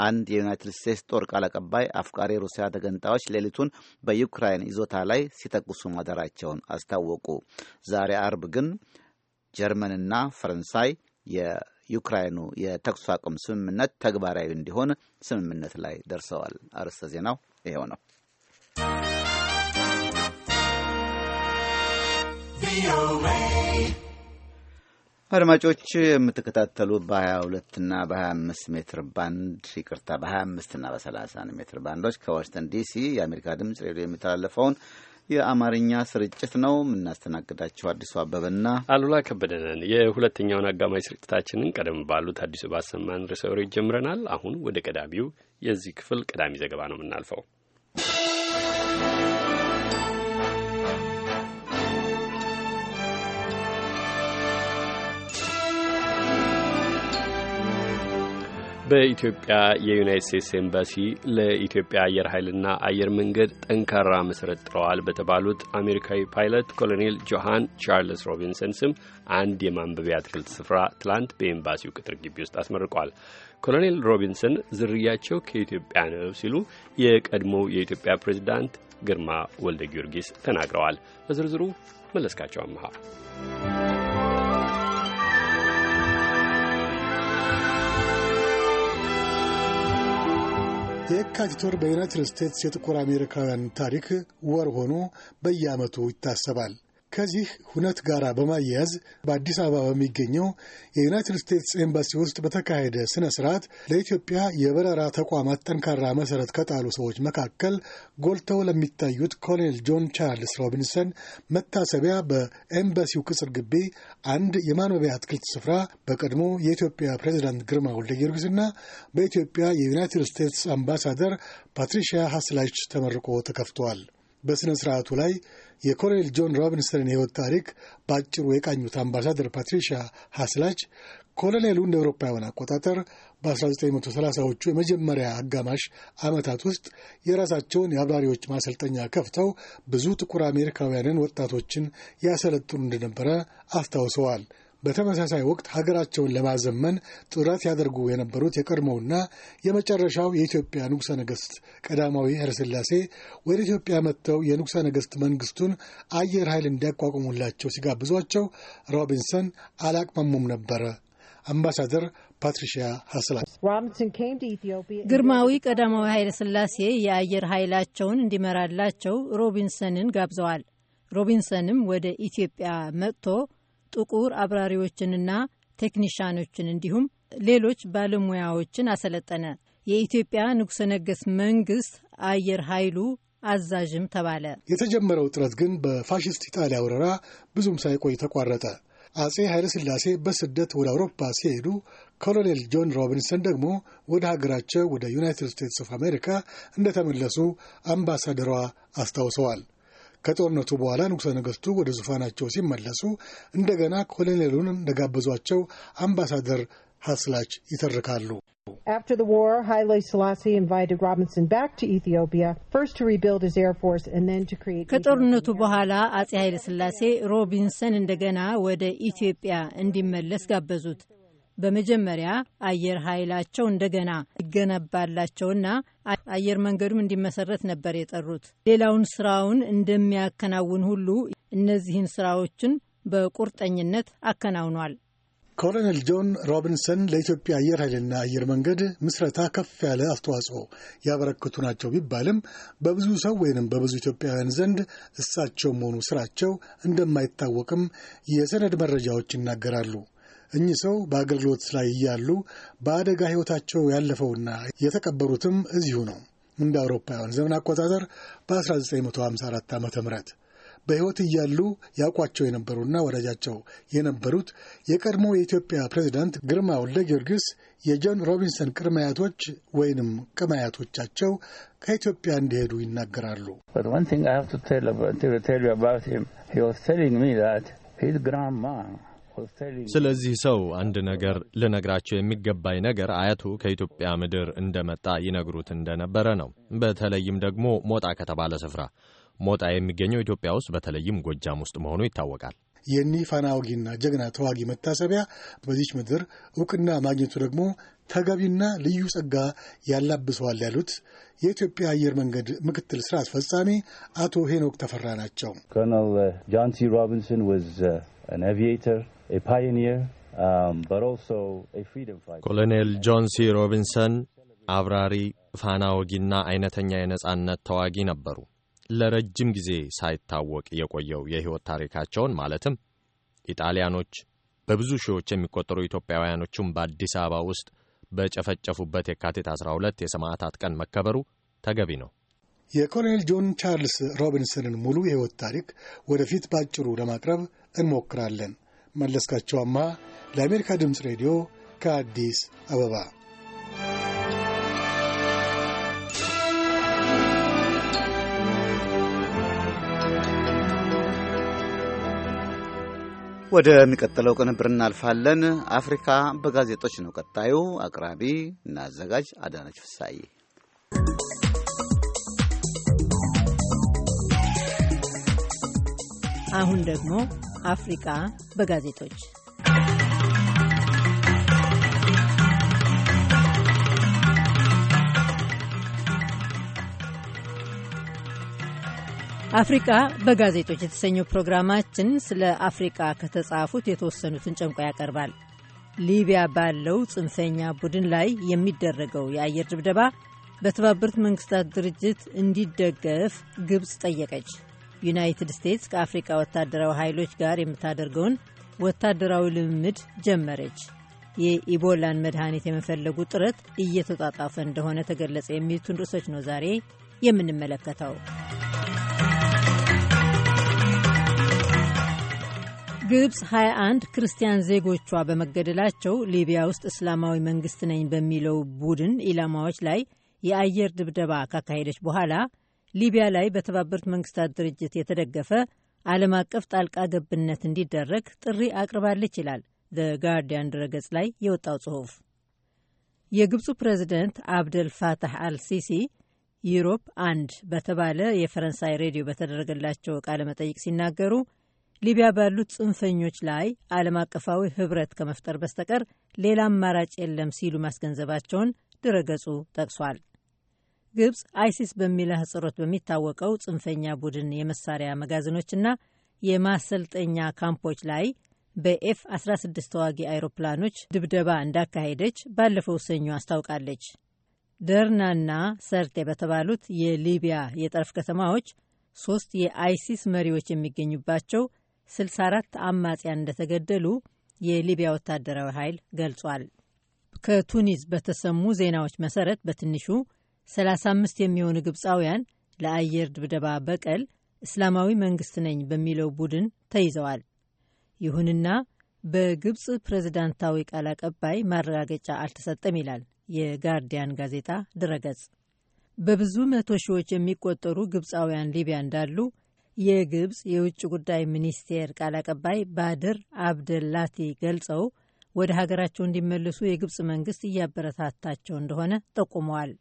አንድ የዩናይትድ ስቴትስ ጦር ቃል አቀባይ አፍቃሪ ሩሲያ ተገንጣዮች ሌሊቱን በዩክራይን ይዞታ ላይ ሲተኩሱ ማደራቸውን አስታወቁ። ዛሬ አርብ ግን ጀርመንና ፈረንሳይ የዩክራይኑ የተኩስ አቁም ስምምነት ተግባራዊ እንዲሆን ስምምነት ላይ ደርሰዋል። አርዕስተ ዜናው ይኸው ነው። አድማጮች የምትከታተሉት በ22 እና በ25 ሜትር ባንድ ይቅርታ፣ በ25 እና በ 30 ሜትር ባንዶች ከዋሽንግተን ዲሲ የአሜሪካ ድምፅ ሬዲዮ የሚተላለፈውን የአማርኛ ስርጭት ነው። የምናስተናግዳቸው አዲሱ አበበና አሉላ ከበደነን። የሁለተኛውን አጋማሽ ስርጭታችንን ቀደም ባሉት አዲሱ ባሰማን ርዕሰ ጀምረናል። አሁን ወደ ቀዳሚው የዚህ ክፍል ቀዳሚ ዘገባ ነው የምናልፈው። በኢትዮጵያ የዩናይት ስቴትስ ኤምባሲ ለኢትዮጵያ አየር ኃይልና አየር መንገድ ጠንካራ መሰረት ጥለዋል በተባሉት አሜሪካዊ ፓይለት ኮሎኔል ጆሃን ቻርልስ ሮቢንሰን ስም አንድ የማንበቢያ አትክልት ስፍራ ትላንት በኤምባሲው ቅጥር ግቢ ውስጥ አስመርቋል። ኮሎኔል ሮቢንሰን ዝርያቸው ከኢትዮጵያ ነው ሲሉ የቀድሞው የኢትዮጵያ ፕሬዚዳንት ግርማ ወልደ ጊዮርጊስ ተናግረዋል። በዝርዝሩ መለስካቸው አመሃ የካቲት ወር በዩናይትድ ስቴትስ የጥቁር አሜሪካውያን ታሪክ ወር ሆኖ በየዓመቱ ይታሰባል። ከዚህ ሁነት ጋር በማያያዝ በአዲስ አበባ በሚገኘው የዩናይትድ ስቴትስ ኤምባሲ ውስጥ በተካሄደ ስነ ስርዓት ለኢትዮጵያ የበረራ ተቋማት ጠንካራ መሰረት ከጣሉ ሰዎች መካከል ጎልተው ለሚታዩት ኮሎኔል ጆን ቻርልስ ሮቢንሰን መታሰቢያ በኤምባሲው ቅጽር ግቢ አንድ የማንበቢያ አትክልት ስፍራ በቀድሞ የኢትዮጵያ ፕሬዚዳንት ግርማ ወልደ ጊዮርጊስና በኢትዮጵያ የዩናይትድ ስቴትስ አምባሳደር ፓትሪሺያ ሀስላች ተመርቆ ተከፍተዋል። በሥነ ሥርዓቱ ላይ የኮሎኔል ጆን ሮቢንሰንን የሕይወት ታሪክ በአጭሩ የቃኙት አምባሳደር ፓትሪሺያ ሐስላች ኮሎኔሉ እንደ አውሮፓውያን አቆጣጠር በ1930ዎቹ የመጀመሪያ አጋማሽ ዓመታት ውስጥ የራሳቸውን የአብራሪዎች ማሰልጠኛ ከፍተው ብዙ ጥቁር አሜሪካውያንን ወጣቶችን ያሰለጥኑ እንደነበረ አስታውሰዋል። በተመሳሳይ ወቅት ሀገራቸውን ለማዘመን ጥረት ያደርጉ የነበሩት የቀድሞውና የመጨረሻው የኢትዮጵያ ንጉሠ ነገሥት ቀዳማዊ ኃይለሥላሴ ወደ ኢትዮጵያ መጥተው የንጉሠ ነገሥት መንግሥቱን አየር ኃይል እንዲያቋቁሙላቸው ሲጋብዟቸው ሮቢንሰን አላቅመሙም ነበረ። አምባሳደር ፓትሪሺያ ሀስላት ግርማዊ ቀዳማዊ ኃይለሥላሴ የአየር ኃይላቸውን እንዲመራላቸው ሮቢንሰንን ጋብዘዋል። ሮቢንሰንም ወደ ኢትዮጵያ መጥቶ ጥቁር አብራሪዎችንና ቴክኒሽያኖችን እንዲሁም ሌሎች ባለሙያዎችን አሰለጠነ። የኢትዮጵያ ንጉሠ ነገሥት መንግሥት አየር ኃይሉ አዛዥም ተባለ። የተጀመረው ጥረት ግን በፋሽስት ኢጣሊያ ወረራ ብዙም ሳይቆይ ተቋረጠ። አጼ ኃይለሥላሴ በስደት ወደ አውሮፓ ሲሄዱ ኮሎኔል ጆን ሮቢንሰን ደግሞ ወደ ሀገራቸው ወደ ዩናይትድ ስቴትስ ኦፍ አሜሪካ እንደተመለሱ አምባሳደሯ አስታውሰዋል። ከጦርነቱ በኋላ ንጉሠ ነገሥቱ ወደ ዙፋናቸው ሲመለሱ እንደገና ኮሎኔሉን እንደጋበዟቸው አምባሳደር ሀስላች ይተርካሉ። After the war, Haile Selassie invited Robinson back to Ethiopia, first to rebuild his air force and then to create ከጦርነቱ በኋላ አጼ ኃይለ ስላሴ ሮቢንሰን እንደገና ወደ ኢትዮጵያ እንዲመለስ ጋበዙት። በመጀመሪያ አየር ኃይላቸው እንደገና ይገነባላቸውና አየር መንገዱም እንዲመሰረት ነበር የጠሩት። ሌላውን ስራውን እንደሚያከናውን ሁሉ እነዚህን ስራዎችን በቁርጠኝነት አከናውኗል። ኮሎኔል ጆን ሮቢንሰን ለኢትዮጵያ አየር ኃይልና አየር መንገድ ምስረታ ከፍ ያለ አስተዋጽኦ ያበረከቱ ናቸው ቢባልም በብዙ ሰው ወይንም በብዙ ኢትዮጵያውያን ዘንድ እሳቸው መሆኑ ስራቸው እንደማይታወቅም የሰነድ መረጃዎች ይናገራሉ። እኚህ ሰው በአገልግሎት ላይ እያሉ በአደጋ ሕይወታቸው ያለፈውና የተቀበሩትም እዚሁ ነው እንደ አውሮፓውያን ዘመን አቆጣጠር በ1954 ዓ ም በሕይወት እያሉ ያውቋቸው የነበሩና ወዳጃቸው የነበሩት የቀድሞ የኢትዮጵያ ፕሬዚዳንት ግርማ ወልደ ጊዮርጊስ የጆን ሮቢንሰን ቅድመያቶች ወይንም ቅማያቶቻቸው ከኢትዮጵያ እንዲሄዱ ይናገራሉ። ስለዚህ ሰው አንድ ነገር ልነግራቸው የሚገባኝ ነገር አያቱ ከኢትዮጵያ ምድር እንደመጣ ይነግሩት እንደነበረ ነው። በተለይም ደግሞ ሞጣ ከተባለ ስፍራ ሞጣ የሚገኘው ኢትዮጵያ ውስጥ በተለይም ጎጃም ውስጥ መሆኑ ይታወቃል። የኒህ ፋና ጀግና ተዋጊ መታሰቢያ በዚች ምድር እውቅና ማግኘቱ ደግሞ ተገቢና ልዩ ጸጋ ያላብሰዋል ያሉት የኢትዮጵያ አየር መንገድ ምክትል ስራ አስፈጻሚ አቶ ሄኖክ ተፈራ ናቸው። ኮሎኔል ጆን ሲ ሮቢንሰን Um, ኮሎኔል ጆን ሲ ሮቢንሰን አብራሪ፣ ፋና ወጊና አይነተኛ የነጻነት ተዋጊ ነበሩ። ለረጅም ጊዜ ሳይታወቅ የቆየው የሕይወት ታሪካቸውን ማለትም ኢጣሊያኖች በብዙ ሺዎች የሚቆጠሩ ኢትዮጵያውያኖቹም በአዲስ አበባ ውስጥ በጨፈጨፉበት የካቲት 12 የሰማዕታት ቀን መከበሩ ተገቢ ነው። የኮሎኔል ጆን ቻርልስ ሮቢንሰንን ሙሉ የሕይወት ታሪክ ወደፊት ባጭሩ ለማቅረብ እንሞክራለን። መለስካቸው አማ ለአሜሪካ ድምፅ ሬዲዮ ከአዲስ አበባ ወደሚቀጥለው ቅንብር እናልፋለን። አፍሪካ በጋዜጦች ነው ቀጣዩ። አቅራቢ እና አዘጋጅ አዳነች ፍሳዬ። አሁን ደግሞ አፍሪቃ በጋዜጦች አፍሪቃ በጋዜጦች የተሰኘው ፕሮግራማችን ስለ አፍሪቃ ከተጻፉት የተወሰኑትን ጨምቆ ያቀርባል። ሊቢያ ባለው ጽንፈኛ ቡድን ላይ የሚደረገው የአየር ድብደባ በተባበሩት መንግስታት ድርጅት እንዲደገፍ ግብፅ ጠየቀች። ዩናይትድ ስቴትስ ከአፍሪቃ ወታደራዊ ኃይሎች ጋር የምታደርገውን ወታደራዊ ልምምድ ጀመረች። የኢቦላን መድኃኒት የመፈለጉ ጥረት እየተጣጣፈ እንደሆነ ተገለጸ። የሚሉትን ርዕሶች ነው ዛሬ የምንመለከተው። ግብፅ 21 ክርስቲያን ዜጎቿ በመገደላቸው ሊቢያ ውስጥ እስላማዊ መንግስት ነኝ በሚለው ቡድን ኢላማዎች ላይ የአየር ድብደባ ካካሄደች በኋላ ሊቢያ ላይ በተባበሩት መንግስታት ድርጅት የተደገፈ ዓለም አቀፍ ጣልቃ ገብነት እንዲደረግ ጥሪ አቅርባለች ይላል ጋርዲያን ድረገጽ ላይ የወጣው ጽሑፍ። የግብፁ ፕሬዚደንት አብደል ፋታህ አልሲሲ ዩሮፕ አንድ በተባለ የፈረንሳይ ሬዲዮ በተደረገላቸው ቃለ መጠይቅ ሲናገሩ ሊቢያ ባሉት ጽንፈኞች ላይ ዓለም አቀፋዊ ህብረት ከመፍጠር በስተቀር ሌላ አማራጭ የለም ሲሉ ማስገንዘባቸውን ድረገጹ ጠቅሷል። ግብፅ አይሲስ በሚል ህጽሮት በሚታወቀው ጽንፈኛ ቡድን የመሳሪያ መጋዘኖችና የማሰልጠኛ ካምፖች ላይ በኤፍ 16 ተዋጊ አይሮፕላኖች ድብደባ እንዳካሄደች ባለፈው ሰኞ አስታውቃለች። ደርናና ሰርቴ በተባሉት የሊቢያ የጠረፍ ከተማዎች ሶስት የአይሲስ መሪዎች የሚገኙባቸው 64 አማጽያን እንደተገደሉ የሊቢያ ወታደራዊ ኃይል ገልጿል። ከቱኒዝ በተሰሙ ዜናዎች መሰረት በትንሹ 35 የሚሆኑ ግብፃውያን ለአየር ድብደባ በቀል እስላማዊ መንግስት ነኝ በሚለው ቡድን ተይዘዋል። ይሁንና በግብፅ ፕሬዝዳንታዊ ቃል አቀባይ ማረጋገጫ አልተሰጠም ይላል የጋርዲያን ጋዜጣ ድረገጽ። በብዙ መቶ ሺዎች የሚቆጠሩ ግብፃውያን ሊቢያ እንዳሉ የግብፅ የውጭ ጉዳይ ሚኒስቴር ቃል አቀባይ ባድር አብደላቲ ገልጸው ወደ ሀገራቸው እንዲመለሱ የግብፅ መንግስት እያበረታታቸው እንደሆነ ጠቁመዋል።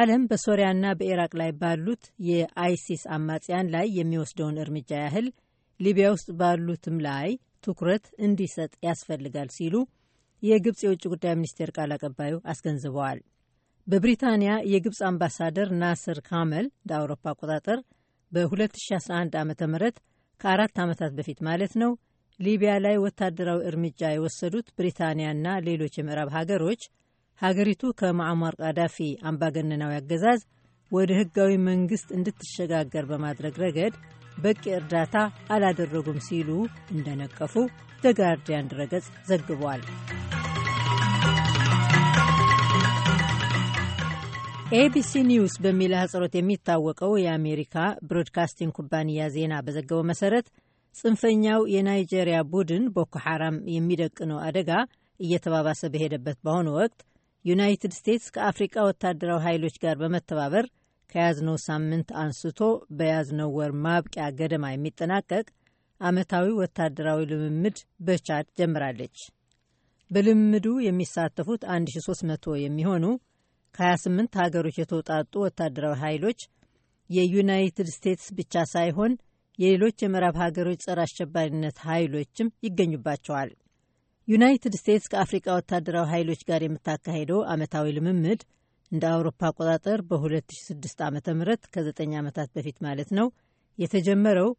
ዓለም በሶሪያና በኢራቅ ላይ ባሉት የአይሲስ አማጽያን ላይ የሚወስደውን እርምጃ ያህል ሊቢያ ውስጥ ባሉትም ላይ ትኩረት እንዲሰጥ ያስፈልጋል ሲሉ የግብፅ የውጭ ጉዳይ ሚኒስቴር ቃል አቀባዩ አስገንዝበዋል። በብሪታንያ የግብፅ አምባሳደር ናስር ካመል እንደ አውሮፓ አቆጣጠር በ2011 ዓ ም ከአራት ዓመታት በፊት ማለት ነው ሊቢያ ላይ ወታደራዊ እርምጃ የወሰዱት ብሪታንያና ሌሎች የምዕራብ ሀገሮች ሀገሪቱ ከማዕማር ቃዳፊ አምባገነናዊ አገዛዝ ወደ ህጋዊ መንግስት እንድትሸጋገር በማድረግ ረገድ በቂ እርዳታ አላደረጉም ሲሉ እንደነቀፉ ዘ ጋርዲያን ድረገጽ ዘግቧል። ኤቢሲ ኒውስ በሚል አህጽሮት የሚታወቀው የአሜሪካ ብሮድካስቲንግ ኩባንያ ዜና በዘገበው መሰረት ጽንፈኛው የናይጄሪያ ቡድን ቦኮ ሐራም የሚደቅነው አደጋ እየተባባሰ በሄደበት በአሁኑ ወቅት ዩናይትድ ስቴትስ ከአፍሪቃ ወታደራዊ ኃይሎች ጋር በመተባበር ከያዝነው ሳምንት አንስቶ በያዝነው ወር ማብቂያ ገደማ የሚጠናቀቅ ዓመታዊ ወታደራዊ ልምምድ በቻድ ጀምራለች። በልምምዱ የሚሳተፉት 1300 የሚሆኑ ከ28 ሀገሮች የተውጣጡ ወታደራዊ ኃይሎች የዩናይትድ ስቴትስ ብቻ ሳይሆን የሌሎች የምዕራብ ሀገሮች ጸረ አሸባሪነት ኃይሎችም ይገኙባቸዋል። ዩናይትድ ስቴትስ ከአፍሪቃ ወታደራዊ ኃይሎች ጋር የምታካሄደው ዓመታዊ ልምምድ እንደ አውሮፓ አቆጣጠር በ2006 ዓ ም ከ9 ዓመታት በፊት ማለት ነው የተጀመረው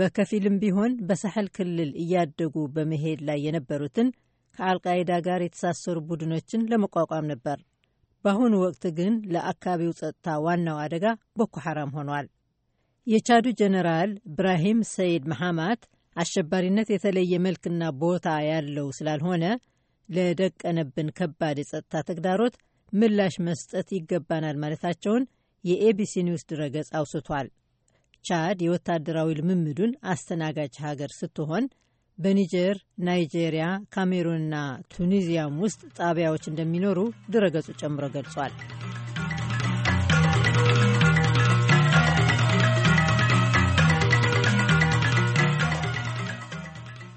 በከፊልም ቢሆን በሳሐል ክልል እያደጉ በመሄድ ላይ የነበሩትን ከአልቃይዳ ጋር የተሳሰሩ ቡድኖችን ለመቋቋም ነበር። በአሁኑ ወቅት ግን ለአካባቢው ጸጥታ ዋናው አደጋ ቦኮ ሐራም ሆኗል። የቻዱ ጀነራል ብራሂም ሰይድ መሐማት አሸባሪነት የተለየ መልክና ቦታ ያለው ስላልሆነ ለደቀነብን ከባድ የጸጥታ ተግዳሮት ምላሽ መስጠት ይገባናል ማለታቸውን የኤቢሲ ኒውስ ድረገጽ አውስቷል። ቻድ የወታደራዊ ልምምዱን አስተናጋጅ ሀገር ስትሆን በኒጀር፣ ናይጄሪያ፣ ካሜሩንና ቱኒዚያም ውስጥ ጣቢያዎች እንደሚኖሩ ድረገጹ ጨምሮ ገልጿል።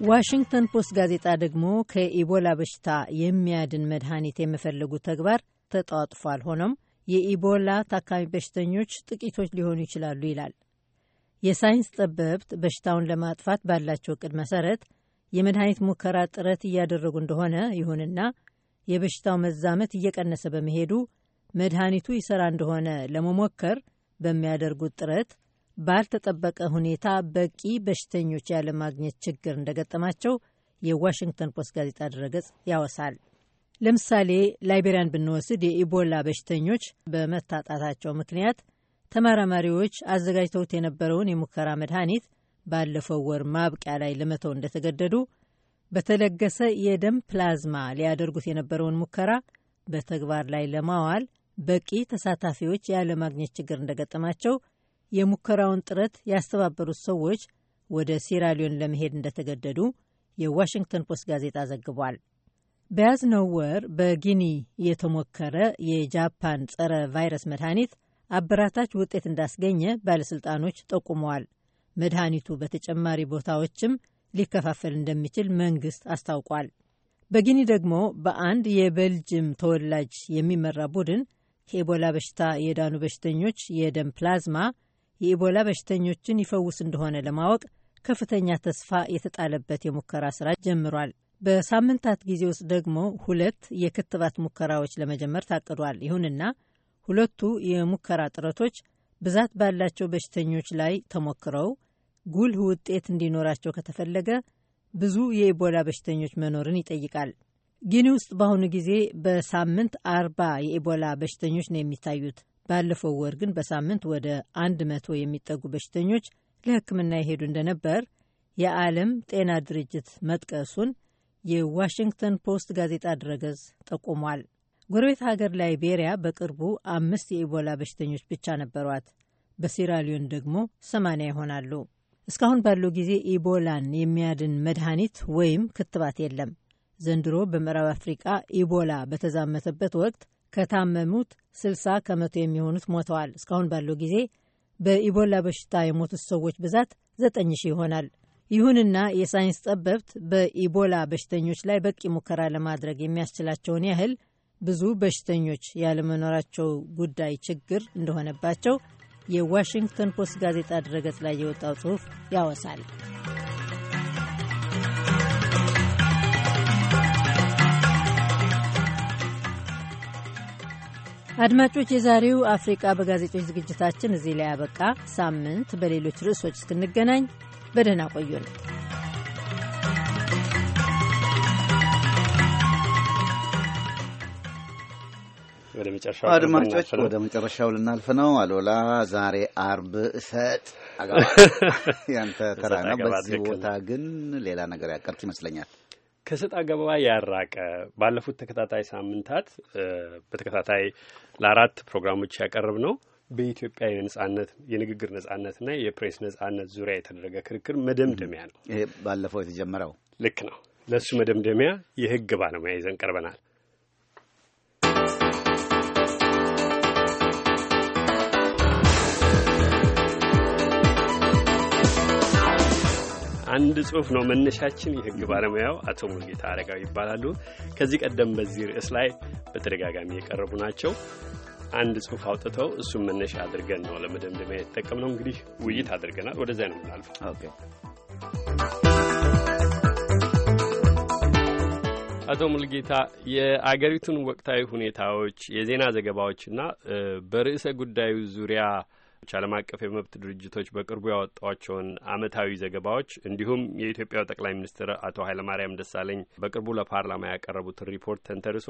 ዋሽንግተን ፖስት ጋዜጣ ደግሞ ከኢቦላ በሽታ የሚያድን መድኃኒት የመፈለጉ ተግባር ተጧጥፏል፣ ሆኖም የኢቦላ ታካሚ በሽተኞች ጥቂቶች ሊሆኑ ይችላሉ ይላል። የሳይንስ ጠበብት በሽታውን ለማጥፋት ባላቸው እቅድ መሰረት የመድኃኒት ሙከራ ጥረት እያደረጉ እንደሆነ፣ ይሁንና የበሽታው መዛመት እየቀነሰ በመሄዱ መድኃኒቱ ይሰራ እንደሆነ ለመሞከር በሚያደርጉት ጥረት ባልተጠበቀ ሁኔታ በቂ በሽተኞች ያለማግኘት ችግር እንደገጠማቸው የዋሽንግተን ፖስት ጋዜጣ ድረገጽ ያወሳል። ለምሳሌ ላይቤሪያን ብንወስድ የኢቦላ በሽተኞች በመታጣታቸው ምክንያት ተመራማሪዎች አዘጋጅተውት የነበረውን የሙከራ መድኃኒት ባለፈው ወር ማብቂያ ላይ ለመተው እንደተገደዱ፣ በተለገሰ የደም ፕላዝማ ሊያደርጉት የነበረውን ሙከራ በተግባር ላይ ለማዋል በቂ ተሳታፊዎች ያለማግኘት ችግር እንደገጠማቸው የሙከራውን ጥረት ያስተባበሩት ሰዎች ወደ ሴራሊዮን ለመሄድ እንደተገደዱ የዋሽንግተን ፖስት ጋዜጣ ዘግቧል። በያዝነው ወር በጊኒ የተሞከረ የጃፓን ጸረ ቫይረስ መድኃኒት አበራታች ውጤት እንዳስገኘ ባለሥልጣኖች ጠቁመዋል። መድኃኒቱ በተጨማሪ ቦታዎችም ሊከፋፈል እንደሚችል መንግሥት አስታውቋል። በጊኒ ደግሞ በአንድ የቤልጅም ተወላጅ የሚመራ ቡድን ከኢቦላ በሽታ የዳኑ በሽተኞች የደም ፕላዝማ የኢቦላ በሽተኞችን ይፈውስ እንደሆነ ለማወቅ ከፍተኛ ተስፋ የተጣለበት የሙከራ ስራ ጀምሯል። በሳምንታት ጊዜ ውስጥ ደግሞ ሁለት የክትባት ሙከራዎች ለመጀመር ታቅዷል። ይሁንና ሁለቱ የሙከራ ጥረቶች ብዛት ባላቸው በሽተኞች ላይ ተሞክረው ጉልህ ውጤት እንዲኖራቸው ከተፈለገ ብዙ የኢቦላ በሽተኞች መኖርን ይጠይቃል። ጊኒ ውስጥ በአሁኑ ጊዜ በሳምንት አርባ የኢቦላ በሽተኞች ነው የሚታዩት። ባለፈው ወር ግን በሳምንት ወደ 100 የሚጠጉ በሽተኞች ለሕክምና የሄዱ እንደነበር የዓለም ጤና ድርጅት መጥቀሱን የዋሽንግተን ፖስት ጋዜጣ ድረገጽ ጠቁሟል። ጎረቤት ሀገር ላይቤሪያ በቅርቡ አምስት የኢቦላ በሽተኞች ብቻ ነበሯት። በሲራሊዮን ደግሞ ሰማንያ ይሆናሉ። እስካሁን ባለው ጊዜ ኢቦላን የሚያድን መድኃኒት ወይም ክትባት የለም። ዘንድሮ በምዕራብ አፍሪቃ ኢቦላ በተዛመተበት ወቅት ከታመሙት 60 ከመቶ የሚሆኑት ሞተዋል። እስካሁን ባለው ጊዜ በኢቦላ በሽታ የሞቱት ሰዎች ብዛት 9 ሺህ ይሆናል። ይሁንና የሳይንስ ጠበብት በኢቦላ በሽተኞች ላይ በቂ ሙከራ ለማድረግ የሚያስችላቸውን ያህል ብዙ በሽተኞች ያለመኖራቸው ጉዳይ ችግር እንደሆነባቸው የዋሽንግተን ፖስት ጋዜጣ ድረገጽ ላይ የወጣው ጽሑፍ ያወሳል። አድማጮች፣ የዛሬው አፍሪቃ በጋዜጦች ዝግጅታችን እዚህ ላይ ያበቃ። ሳምንት በሌሎች ርዕሶች እስክንገናኝ በደህና ቆዩን። አድማጮች ወደ መጨረሻው ልናልፍ ነው። አሎላ ዛሬ አርብ እሰጥ ያንተ ተራ ነው። በዚህ ቦታ ግን ሌላ ነገር ያቀርት ይመስለኛል። ከሰጥ አገባ ያራቀ ባለፉት ተከታታይ ሳምንታት በተከታታይ ለአራት ፕሮግራሞች ያቀረብ ነው በኢትዮጵያ የነጻነት የንግግር ነጻነትና የፕሬስ ነጻነት ዙሪያ የተደረገ ክርክር መደምደሚያ ነው። ይሄ ባለፈው የተጀመረው ልክ ነው። ለእሱ መደምደሚያ የህግ ባለሙያ ይዘን ቀርበናል። አንድ ጽሁፍ ነው መነሻችን። የህግ ባለሙያው አቶ ሙልጌታ አረጋዊ ይባላሉ። ከዚህ ቀደም በዚህ ርዕስ ላይ በተደጋጋሚ የቀረቡ ናቸው። አንድ ጽሁፍ አውጥተው እሱን መነሻ አድርገን ነው ለመደምደሚያ የተጠቀምነው። እንግዲህ ውይይት አድርገናል። ወደዚያ ነው የምናልፈው። አቶ ሙልጌታ የአገሪቱን ወቅታዊ ሁኔታዎች፣ የዜና ዘገባዎችና በርዕሰ ጉዳዩ ዙሪያ ዓለም አቀፍ የመብት ድርጅቶች በቅርቡ ያወጧቸውን አመታዊ ዘገባዎች እንዲሁም የኢትዮጵያው ጠቅላይ ሚኒስትር አቶ ኃይለማርያም ደሳለኝ በቅርቡ ለፓርላማ ያቀረቡትን ሪፖርት ተንተርሶ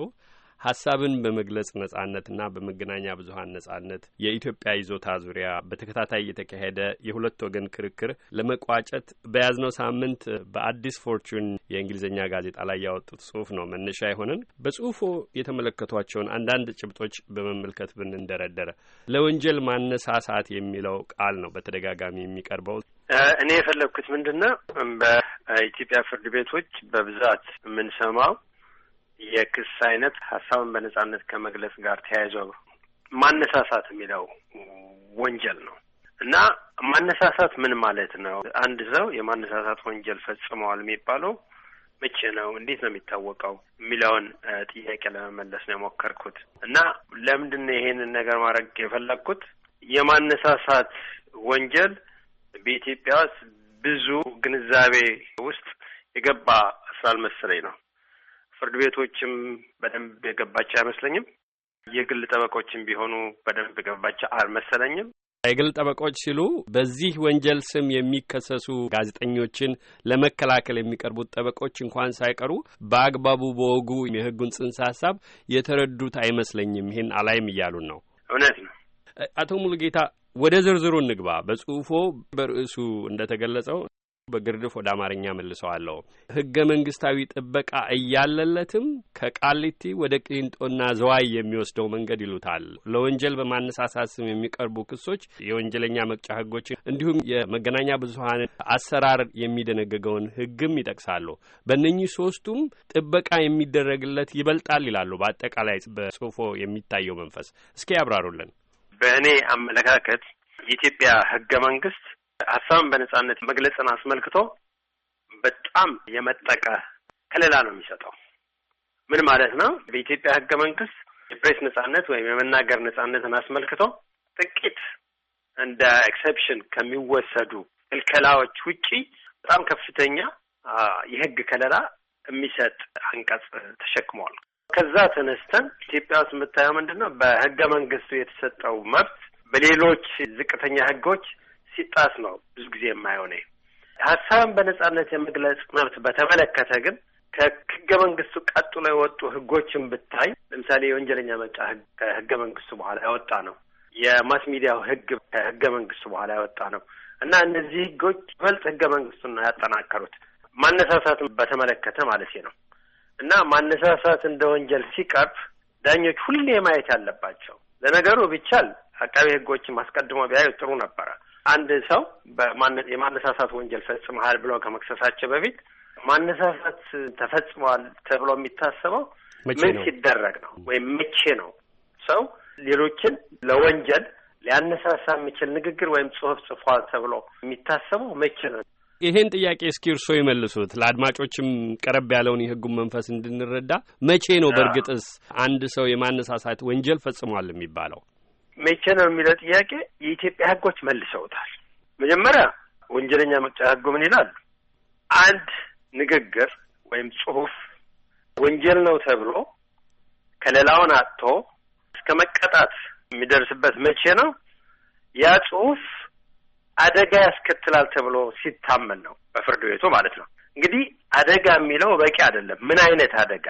ሀሳብን በመግለጽ ነጻነትና በመገናኛ ብዙሀን ነጻነት የኢትዮጵያ ይዞታ ዙሪያ በተከታታይ የተካሄደ የሁለት ወገን ክርክር ለመቋጨት በያዝነው ሳምንት በአዲስ ፎርቹን የእንግሊዝኛ ጋዜጣ ላይ ያወጡት ጽሁፍ ነው መነሻ የሆነን። በጽሁፉ የተመለከቷቸውን አንዳንድ ጭብጦች በመመልከት ብንንደረደረ ለወንጀል ማነሳሳት የሚለው ቃል ነው በተደጋጋሚ የሚቀርበው። እኔ የፈለግኩት ምንድን ነው በኢትዮጵያ ፍርድ ቤቶች በብዛት የምንሰማው የክስ አይነት ሀሳብን በነጻነት ከመግለጽ ጋር ተያይዞ ማነሳሳት የሚለው ወንጀል ነው እና ማነሳሳት ምን ማለት ነው? አንድ ሰው የማነሳሳት ወንጀል ፈጽመዋል የሚባለው መቼ ነው? እንዴት ነው የሚታወቀው? የሚለውን ጥያቄ ለመመለስ ነው የሞከርኩት እና ለምንድን ነው ይሄንን ነገር ማድረግ የፈለግኩት? የማነሳሳት ወንጀል በኢትዮጵያ ውስጥ ብዙ ግንዛቤ ውስጥ የገባ ስላልመሰለኝ ነው። ፍርድ ቤቶችም በደንብ የገባቸው አይመስለኝም። የግል ጠበቆችም ቢሆኑ በደንብ የገባቸው አልመሰለኝም። የግል ጠበቆች ሲሉ በዚህ ወንጀል ስም የሚከሰሱ ጋዜጠኞችን ለመከላከል የሚቀርቡት ጠበቆች እንኳን ሳይቀሩ በአግባቡ በወጉ የሕጉን ጽንሰ ሀሳብ የተረዱት አይመስለኝም። ይህን አላይም እያሉን ነው። እውነት ነው። አቶ ሙሉጌታ ወደ ዝርዝሩ እንግባ። በጽሁፎ በርዕሱ እንደተገለጸው በግርድፍ ወደ አማርኛ መልሰዋለሁ። ህገ መንግስታዊ ጥበቃ እያለለትም ከቃሊቲ ወደ ቅሊንጦና ዘዋይ የሚወስደው መንገድ ይሉታል። ለወንጀል በማነሳሳት ስም የሚቀርቡ ክሶች የወንጀለኛ መቅጫ ህጎችን እንዲሁም የመገናኛ ብዙሀንን አሰራር የሚደነግገውን ህግም ይጠቅሳሉ። በእነኚህ ሶስቱም ጥበቃ የሚደረግለት ይበልጣል ይላሉ። በአጠቃላይ በጽሁፎ የሚታየው መንፈስ እስኪ ያብራሩልን። በእኔ አመለካከት የኢትዮጵያ ህገ መንግስት ሀሳብን በነጻነት መግለጽን አስመልክቶ በጣም የመጠቀ ከለላ ነው የሚሰጠው። ምን ማለት ነው? በኢትዮጵያ ህገ መንግስት የፕሬስ ነጻነት ወይም የመናገር ነጻነትን አስመልክቶ ጥቂት እንደ ኤክሰፕሽን ከሚወሰዱ ክልከላዎች ውጪ በጣም ከፍተኛ የህግ ከለላ የሚሰጥ አንቀጽ ተሸክሟል። ከዛ ተነስተን ኢትዮጵያ ውስጥ የምታየው ምንድን ነው? በህገ መንግስቱ የተሰጠው መብት በሌሎች ዝቅተኛ ህጎች ሲጣስ ነው ብዙ ጊዜ የማይሆነ ሀሳብን በነጻነት የመግለጽ መብት በተመለከተ ግን ከህገ መንግስቱ ቀጥሎ የወጡ ህጎችን ብታይ ለምሳሌ የወንጀለኛ መቅጫ ህግ ከህገ መንግስቱ በኋላ ያወጣ ነው። የማስ ሚዲያው ህግ ከህገ መንግስቱ በኋላ ያወጣ ነው እና እነዚህ ህጎች ይበልጥ ህገ መንግስቱን ነው ያጠናከሩት። ማነሳሳትን በተመለከተ ማለት ነው እና ማነሳሳት እንደ ወንጀል ሲቀርብ ዳኞች ሁሌ ማየት ያለባቸው ለነገሩ ቢቻል አቃቤ ህጎችን አስቀድሞ ቢያዩ ጥሩ ነበረ። አንድ ሰው የማነሳሳት ወንጀል ፈጽመሃል ብለው ከመክሰሳቸው በፊት ማነሳሳት ተፈጽመዋል ተብሎ የሚታሰበው ምን ሲደረግ ነው ወይም መቼ ነው? ሰው ሌሎችን ለወንጀል ሊያነሳሳ የሚችል ንግግር ወይም ጽሑፍ ጽፏል ተብሎ የሚታሰበው መቼ ነው? ይሄን ጥያቄ እስኪ እርስዎ ይመልሱት። ለአድማጮችም ቀረብ ያለውን የሕጉን መንፈስ እንድንረዳ መቼ ነው በእርግጥስ አንድ ሰው የማነሳሳት ወንጀል ፈጽሟል የሚባለው? መቼ ነው የሚለው ጥያቄ የኢትዮጵያ ህጎች መልሰውታል። መጀመሪያ ወንጀለኛ መቅጫ ሕጉ ምን ይላል? አንድ ንግግር ወይም ጽሁፍ ወንጀል ነው ተብሎ ከሌላውን አጥቶ እስከ መቀጣት የሚደርስበት መቼ ነው? ያ ጽሁፍ አደጋ ያስከትላል ተብሎ ሲታመን ነው፣ በፍርድ ቤቱ ማለት ነው። እንግዲህ አደጋ የሚለው በቂ አይደለም። ምን አይነት አደጋ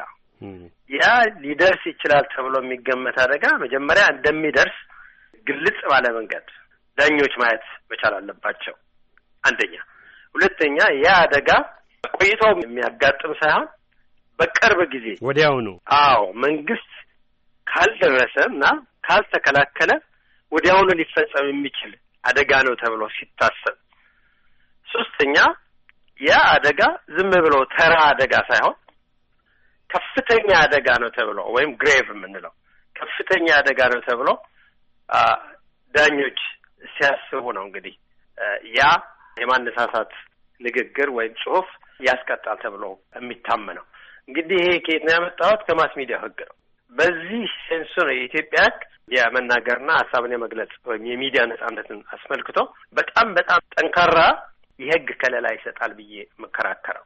ያ ሊደርስ ይችላል ተብሎ የሚገመት አደጋ መጀመሪያ እንደሚደርስ ግልጽ ባለ መንገድ ዳኞች ማየት መቻል አለባቸው። አንደኛ። ሁለተኛ ያ አደጋ ቆይታው የሚያጋጥም ሳይሆን በቅርብ ጊዜ ወዲያውኑ፣ አዎ መንግስት ካልደረሰ እና ካልተከላከለ ወዲያውኑ ሊፈጸም የሚችል አደጋ ነው ተብሎ ሲታሰብ፣ ሶስተኛ ያ አደጋ ዝም ብሎ ተራ አደጋ ሳይሆን ከፍተኛ አደጋ ነው ተብሎ ወይም ግሬቭ የምንለው ከፍተኛ አደጋ ነው ተብሎ ዳኞች ሲያስቡ ነው እንግዲህ ያ የማነሳሳት ንግግር ወይም ጽሁፍ ያስቀጣል ተብሎ የሚታመነው። እንግዲህ ይሄ ከየት ነው ያመጣሁት? ከማስ ሚዲያ ህግ ነው። በዚህ ሴንሱ ነው የኢትዮጵያ ህግ የመናገርና ሀሳብን የመግለጽ ወይም የሚዲያ ነጻነትን አስመልክቶ በጣም በጣም ጠንካራ የህግ ከለላ ይሰጣል ብዬ የምከራከረው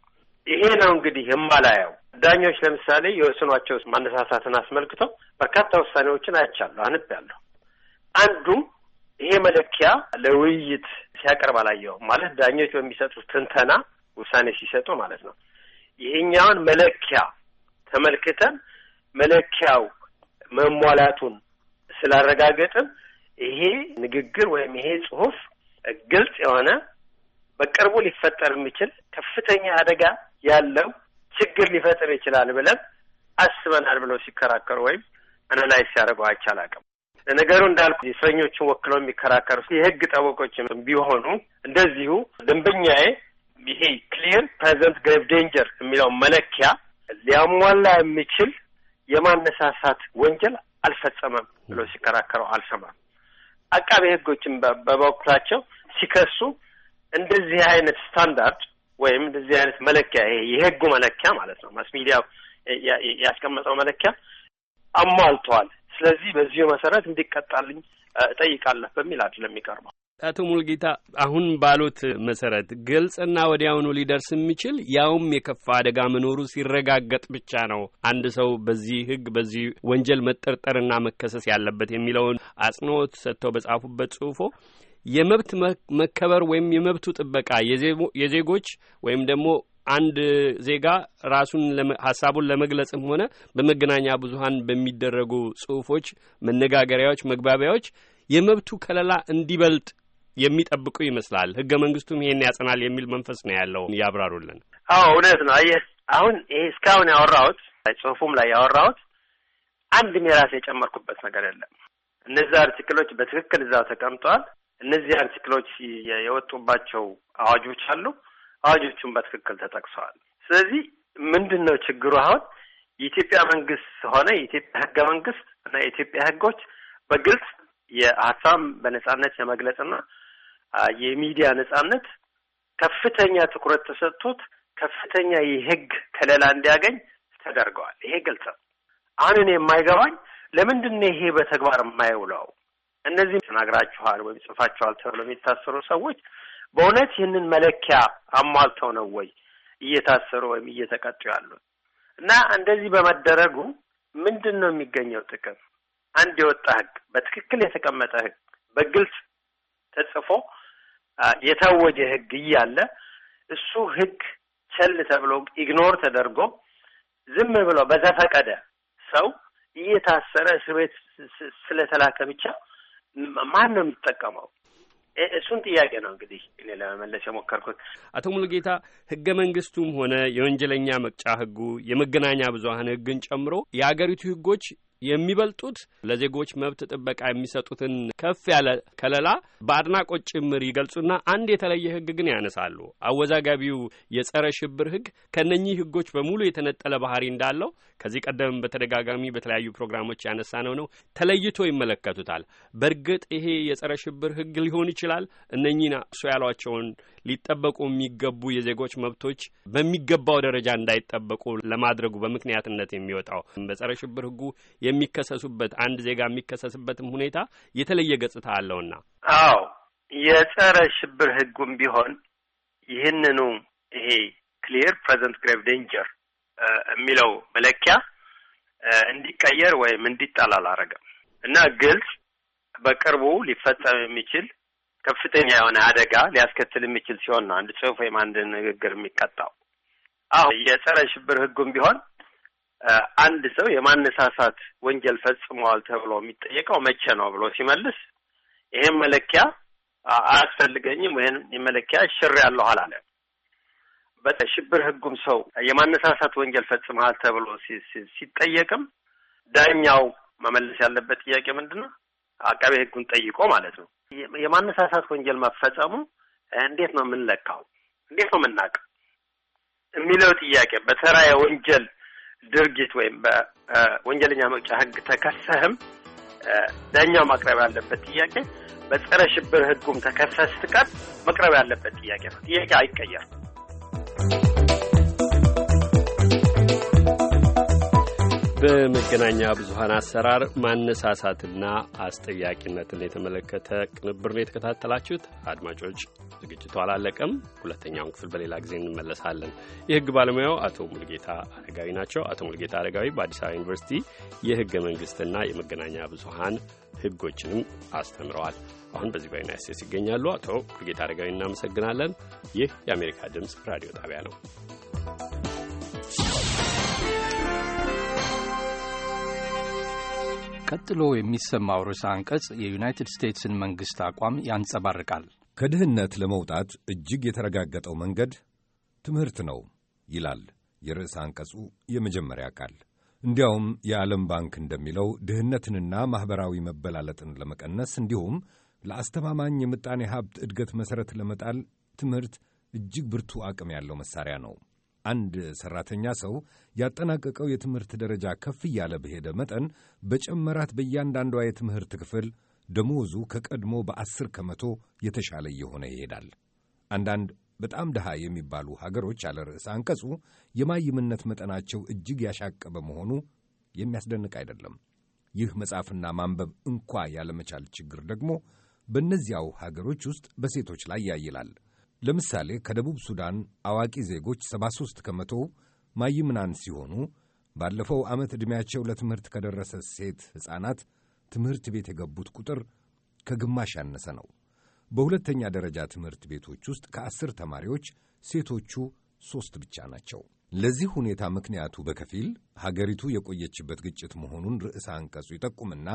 ይሄ ነው። እንግዲህ የማላየው ዳኞች ለምሳሌ የወስኗቸው ማነሳሳትን አስመልክቶ በርካታ ውሳኔዎችን አይቻለሁ፣ ያለሁ አንዱ ይሄ መለኪያ ለውይይት ሲያቀርብ አላየሁም። ማለት ዳኞች በሚሰጡት ትንተና ውሳኔ ሲሰጡ ማለት ነው። ይሄኛውን መለኪያ ተመልክተን መለኪያው መሟላቱን ስላረጋገጥን ይሄ ንግግር ወይም ይሄ ጽሁፍ ግልጽ የሆነ በቅርቡ ሊፈጠር የሚችል ከፍተኛ አደጋ ያለው ችግር ሊፈጥር ይችላል ብለን አስበናል ብለው ሲከራከሩ ወይም አናላይዝ ሲያደርገው አይቻል ነገሩ እንዳልኩ እስረኞችን ወክለው የሚከራከሩ የህግ ጠበቆችም ቢሆኑ እንደዚሁ ደንበኛዬ ይሄ ክሊር ፕሬዘንት ግሬቭ ዴንጀር የሚለው መለኪያ ሊያሟላ የሚችል የማነሳሳት ወንጀል አልፈጸመም ብሎ ሲከራከረው አልሰማም። አቃቤ ህጎችን በበኩላቸው ሲከሱ እንደዚህ አይነት ስታንዳርድ ወይም እንደዚህ አይነት መለኪያ የህጉ መለኪያ ማለት ነው ማስ ሚዲያ ያስቀመጠው መለኪያ አሟልተዋል ስለዚህ በዚሁ መሰረት እንዲቀጣልኝ እጠይቃለሁ በሚል አይደለም የሚቀርበው። አቶ ሙልጌታ አሁን ባሉት መሰረት ግልጽና ወዲያውኑ ሊደርስ የሚችል ያውም የከፋ አደጋ መኖሩ ሲረጋገጥ ብቻ ነው አንድ ሰው በዚህ ሕግ በዚህ ወንጀል መጠርጠርና መከሰስ ያለበት የሚለውን አጽንኦት ሰጥተው በጻፉበት ጽሁፎ የመብት መከበር ወይም የመብቱ ጥበቃ የዜጎች ወይም ደግሞ አንድ ዜጋ ራሱን ሀሳቡን ለመግለጽም ሆነ በመገናኛ ብዙኃን በሚደረጉ ጽሁፎች፣ መነጋገሪያዎች፣ መግባቢያዎች የመብቱ ከለላ እንዲበልጥ የሚጠብቁ ይመስላል። ህገ መንግስቱም ይሄን ያጸናል የሚል መንፈስ ነው ያለው። ያብራሩልን። አዎ እውነት ነው። አየህ አሁን ይሄ እስካሁን ያወራሁት ጽሁፉም ላይ ያወራሁት አንድም የራሴ የጨመርኩበት ነገር የለም። እነዚህ አርቲክሎች በትክክል እዛ ተቀምጠዋል። እነዚህ አርቲክሎች የወጡባቸው አዋጆች አሉ። አዋጆቹን በትክክል ተጠቅሰዋል። ስለዚህ ምንድን ነው ችግሩ? አሁን የኢትዮጵያ መንግስት ሆነ የኢትዮጵያ ህገ መንግስት እና የኢትዮጵያ ህጎች በግልጽ የሀሳብ በነጻነት የመግለጽና የሚዲያ ነጻነት ከፍተኛ ትኩረት ተሰጥቶት ከፍተኛ የህግ ከለላ እንዲያገኝ ተደርገዋል። ይሄ ግልጽ ነው። አሁን እኔ የማይገባኝ ለምንድን ነው ይሄ በተግባር የማይውለው? እነዚህ ተናግራችኋል ወይም ጽፋችኋል ተብሎ የሚታሰሩ ሰዎች በእውነት ይህንን መለኪያ አሟልተው ነው ወይ እየታሰሩ ወይም እየተቀጡ ያሉት? እና እንደዚህ በመደረጉ ምንድን ነው የሚገኘው ጥቅም? አንድ የወጣ ህግ፣ በትክክል የተቀመጠ ህግ፣ በግልጽ ተጽፎ የታወጀ ህግ እያለ እሱ ህግ ቸል ተብሎ ኢግኖር ተደርጎ ዝም ብሎ በዘፈቀደ ሰው እየታሰረ እስር ቤት ስለተላከ ብቻ ማን ነው የሚጠቀመው? እሱን ጥያቄ ነው እንግዲህ እኔ ለመመለስ የሞከርኩት። አቶ ሙሉጌታ ህገ መንግስቱም ሆነ የወንጀለኛ መቅጫ ህጉ የመገናኛ ብዙሀን ህግን ጨምሮ የአገሪቱ ህጎች የሚበልጡት ለዜጎች መብት ጥበቃ የሚሰጡትን ከፍ ያለ ከለላ በአድናቆት ጭምር ይገልጹና አንድ የተለየ ህግ ግን ያነሳሉ። አወዛጋቢው የጸረ ሽብር ህግ ከነኚህ ህጎች በሙሉ የተነጠለ ባህሪ እንዳለው ከዚህ ቀደም በተደጋጋሚ በተለያዩ ፕሮግራሞች ያነሳ ነው። ነው ተለይቶ ይመለከቱታል። በእርግጥ ይሄ የጸረ ሽብር ህግ ሊሆን ይችላል እነኚህ እሱ ያሏቸውን ሊጠበቁ የሚገቡ የዜጎች መብቶች በሚገባው ደረጃ እንዳይጠበቁ ለማድረጉ በምክንያትነት የሚወጣው በጸረ ሽብር ህጉ የሚከሰሱበት አንድ ዜጋ የሚከሰስበትም ሁኔታ የተለየ ገጽታ አለውና። አዎ የጸረ ሽብር ህጉም ቢሆን ይህንኑ ይሄ ክሊር ፕሬዘንት ግሬቭ ዴንጀር የሚለው መለኪያ እንዲቀየር ወይም እንዲጣል አላረገም እና ግልጽ በቅርቡ ሊፈጸም የሚችል ከፍተኛ የሆነ አደጋ ሊያስከትል የሚችል ሲሆን ነው አንድ ጽሁፍ ወይም አንድ ንግግር የሚቀጣው። አሁን የጸረ ሽብር ህጉም ቢሆን አንድ ሰው የማነሳሳት ወንጀል ፈጽመዋል ተብሎ የሚጠየቀው መቼ ነው ብሎ ሲመልስ ይሄን መለኪያ አያስፈልገኝም ወይም የመለኪያ ሽር ያለው አላለ። በሽብር ህጉም ሰው የማነሳሳት ወንጀል ፈጽመሃል ተብሎ ሲጠየቅም ዳኛው መመለስ ያለበት ጥያቄ ምንድን ነው? አቃቤ ህጉን ጠይቆ ማለት ነው የማነሳሳት ወንጀል መፈጸሙ እንዴት ነው የምንለካው? እንዴት ነው የምናውቀው? የሚለው ጥያቄ በተራ የወንጀል ድርጊት ወይም በወንጀለኛ መቅጫ ሕግ ተከሰህም ዳኛው ማቅረብ ያለበት ጥያቄ በጸረ ሽብር ሕጉም ተከሰስ ስትቀር መቅረብ ያለበት ጥያቄ ነው። ጥያቄ አይቀየርም። በመገናኛ ብዙኃን አሰራር ማነሳሳትና አስጠያቂነትን የተመለከተ ቅንብር ነው የተከታተላችሁት። አድማጮች፣ ዝግጅቱ አላለቀም። ሁለተኛውን ክፍል በሌላ ጊዜ እንመለሳለን። የህግ ባለሙያው አቶ ሙልጌታ አረጋዊ ናቸው። አቶ ሙልጌታ አረጋዊ በአዲስ አበባ ዩኒቨርሲቲ የህገ መንግስትና የመገናኛ ብዙኃን ህጎችንም አስተምረዋል። አሁን በዚህ በዩናይት ስቴትስ ይገኛሉ። አቶ ሙልጌታ አረጋዊ እናመሰግናለን። ይህ የአሜሪካ ድምፅ ራዲዮ ጣቢያ ነው። ቀጥሎ የሚሰማው ርዕሰ አንቀጽ የዩናይትድ ስቴትስን መንግሥት አቋም ያንጸባርቃል። ከድህነት ለመውጣት እጅግ የተረጋገጠው መንገድ ትምህርት ነው ይላል የርዕሰ አንቀጹ የመጀመሪያ ቃል። እንዲያውም የዓለም ባንክ እንደሚለው ድህነትንና ማኅበራዊ መበላለጥን ለመቀነስ እንዲሁም ለአስተማማኝ የምጣኔ ሀብት እድገት መሠረት ለመጣል ትምህርት እጅግ ብርቱ አቅም ያለው መሣሪያ ነው። አንድ ሰራተኛ ሰው ያጠናቀቀው የትምህርት ደረጃ ከፍ እያለ በሄደ መጠን በጨመራት በእያንዳንዷ የትምህርት ክፍል ደሞዙ ከቀድሞ በአስር ከመቶ የተሻለ እየሆነ ይሄዳል። አንዳንድ በጣም ድሃ የሚባሉ ሀገሮች ያለ ርዕሰ አንቀጹ የማይምነት መጠናቸው እጅግ ያሻቀበ መሆኑ የሚያስደንቅ አይደለም። ይህ መጻፍና ማንበብ እንኳ ያለመቻል ችግር ደግሞ በእነዚያው ሀገሮች ውስጥ በሴቶች ላይ ያይላል። ለምሳሌ ከደቡብ ሱዳን አዋቂ ዜጎች 73 ከመቶ ማይምናን ሲሆኑ ባለፈው ዓመት ዕድሜያቸው ለትምህርት ከደረሰ ሴት ሕፃናት ትምህርት ቤት የገቡት ቁጥር ከግማሽ ያነሰ ነው። በሁለተኛ ደረጃ ትምህርት ቤቶች ውስጥ ከአስር ተማሪዎች ሴቶቹ ሦስት ብቻ ናቸው። ለዚህ ሁኔታ ምክንያቱ በከፊል ሀገሪቱ የቆየችበት ግጭት መሆኑን ርዕሰ አንቀጹ ይጠቁምና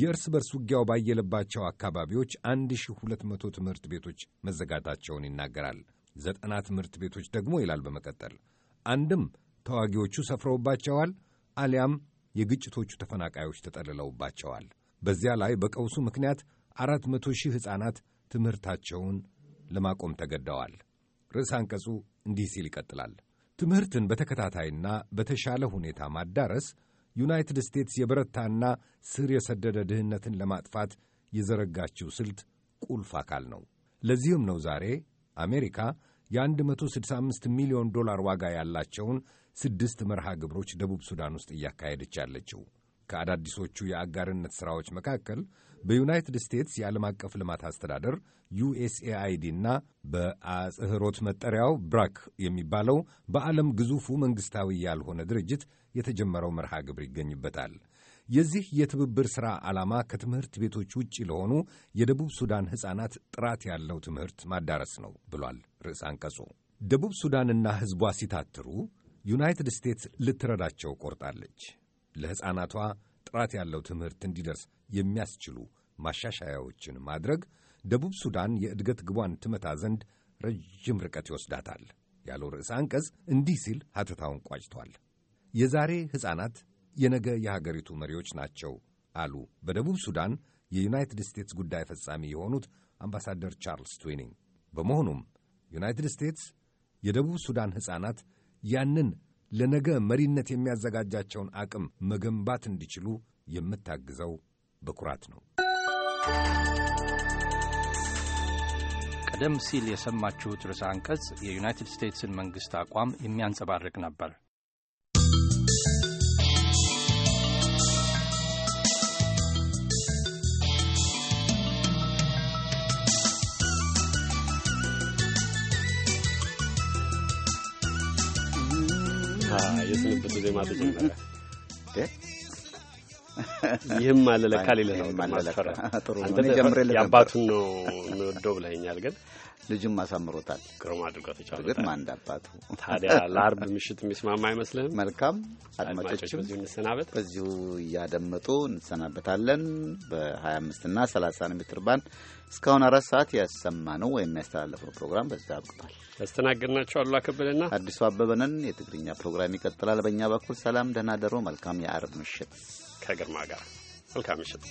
የእርስ በርስ ውጊያው ባየለባቸው አካባቢዎች 1200 ትምህርት ቤቶች መዘጋታቸውን ይናገራል። ዘጠና ትምህርት ቤቶች ደግሞ ይላል በመቀጠል አንድም ተዋጊዎቹ ሰፍረውባቸዋል፣ አሊያም የግጭቶቹ ተፈናቃዮች ተጠልለውባቸዋል። በዚያ ላይ በቀውሱ ምክንያት አራት መቶ ሺህ ሕፃናት ትምህርታቸውን ለማቆም ተገደዋል። ርዕስ አንቀጹ እንዲህ ሲል ይቀጥላል። ትምህርትን በተከታታይና በተሻለ ሁኔታ ማዳረስ ዩናይትድ ስቴትስ የበረታና ስር የሰደደ ድህነትን ለማጥፋት የዘረጋችው ስልት ቁልፍ አካል ነው። ለዚህም ነው ዛሬ አሜሪካ የ165 ሚሊዮን ዶላር ዋጋ ያላቸውን ስድስት መርሃ ግብሮች ደቡብ ሱዳን ውስጥ እያካሄደች ያለችው። ከአዳዲሶቹ የአጋርነት ሥራዎች መካከል በዩናይትድ ስቴትስ የዓለም አቀፍ ልማት አስተዳደር ዩኤስኤአይዲ እና በአጽህሮት መጠሪያው ብራክ የሚባለው በዓለም ግዙፉ መንግሥታዊ ያልሆነ ድርጅት የተጀመረው መርሃ ግብር ይገኝበታል። የዚህ የትብብር ሥራ ዓላማ ከትምህርት ቤቶች ውጭ ለሆኑ የደቡብ ሱዳን ሕፃናት ጥራት ያለው ትምህርት ማዳረስ ነው ብሏል ርዕስ አንቀጹ። ደቡብ ሱዳንና ሕዝቧ ሲታትሩ ዩናይትድ ስቴትስ ልትረዳቸው ቆርጣለች። ለሕፃናቷ ጥራት ያለው ትምህርት እንዲደርስ የሚያስችሉ ማሻሻያዎችን ማድረግ ደቡብ ሱዳን የእድገት ግቧን ትመታ ዘንድ ረዥም ርቀት ይወስዳታል ያለው ርዕሰ አንቀጽ እንዲህ ሲል ሐተታውን ቋጭቷል። የዛሬ ሕፃናት የነገ የሀገሪቱ መሪዎች ናቸው አሉ በደቡብ ሱዳን የዩናይትድ ስቴትስ ጉዳይ ፈጻሚ የሆኑት አምባሳደር ቻርልስ ትዊኒንግ። በመሆኑም ዩናይትድ ስቴትስ የደቡብ ሱዳን ሕፃናት ያንን ለነገ መሪነት የሚያዘጋጃቸውን አቅም መገንባት እንዲችሉ የምታግዘው በኩራት ነው። ቀደም ሲል የሰማችሁት ርዕሰ አንቀጽ የዩናይትድ ስቴትስን መንግሥት አቋም የሚያንጸባርቅ ነበር። የስንብቱ ዜማ ተጀመረ። ይህም አለ ለካ ሌለ ነው ማስፈራ የአባቱን ነው እንወደው ብለኸኛል፣ ግን ልጁም አሳምሮታል። ግሩም አድርጎ ተጫወተ። ግን ማን እንዳባቱ ታዲያ። ለአርብ ምሽት የሚስማማ አይመስልህም? መልካም አድማጮችም በዚሁ እንሰናበት። በዚሁ እያደመጡ እንሰናበታለን። በ25 እና 30 ሜትር ባንድ እስካሁን አራት ሰዓት ያሰማ ነው ወይም የሚያስተላለፈው ፕሮግራም በዚ አብቅቷል። ያስተናገድናቸው አሉ አከበደና አዲሱ አበበነን የትግርኛ ፕሮግራም ይቀጥላል። በእኛ በኩል ሰላም፣ ደህና ደሮ፣ መልካም የአርብ ምሽት ከግርማ ጋር መልካም ምሽት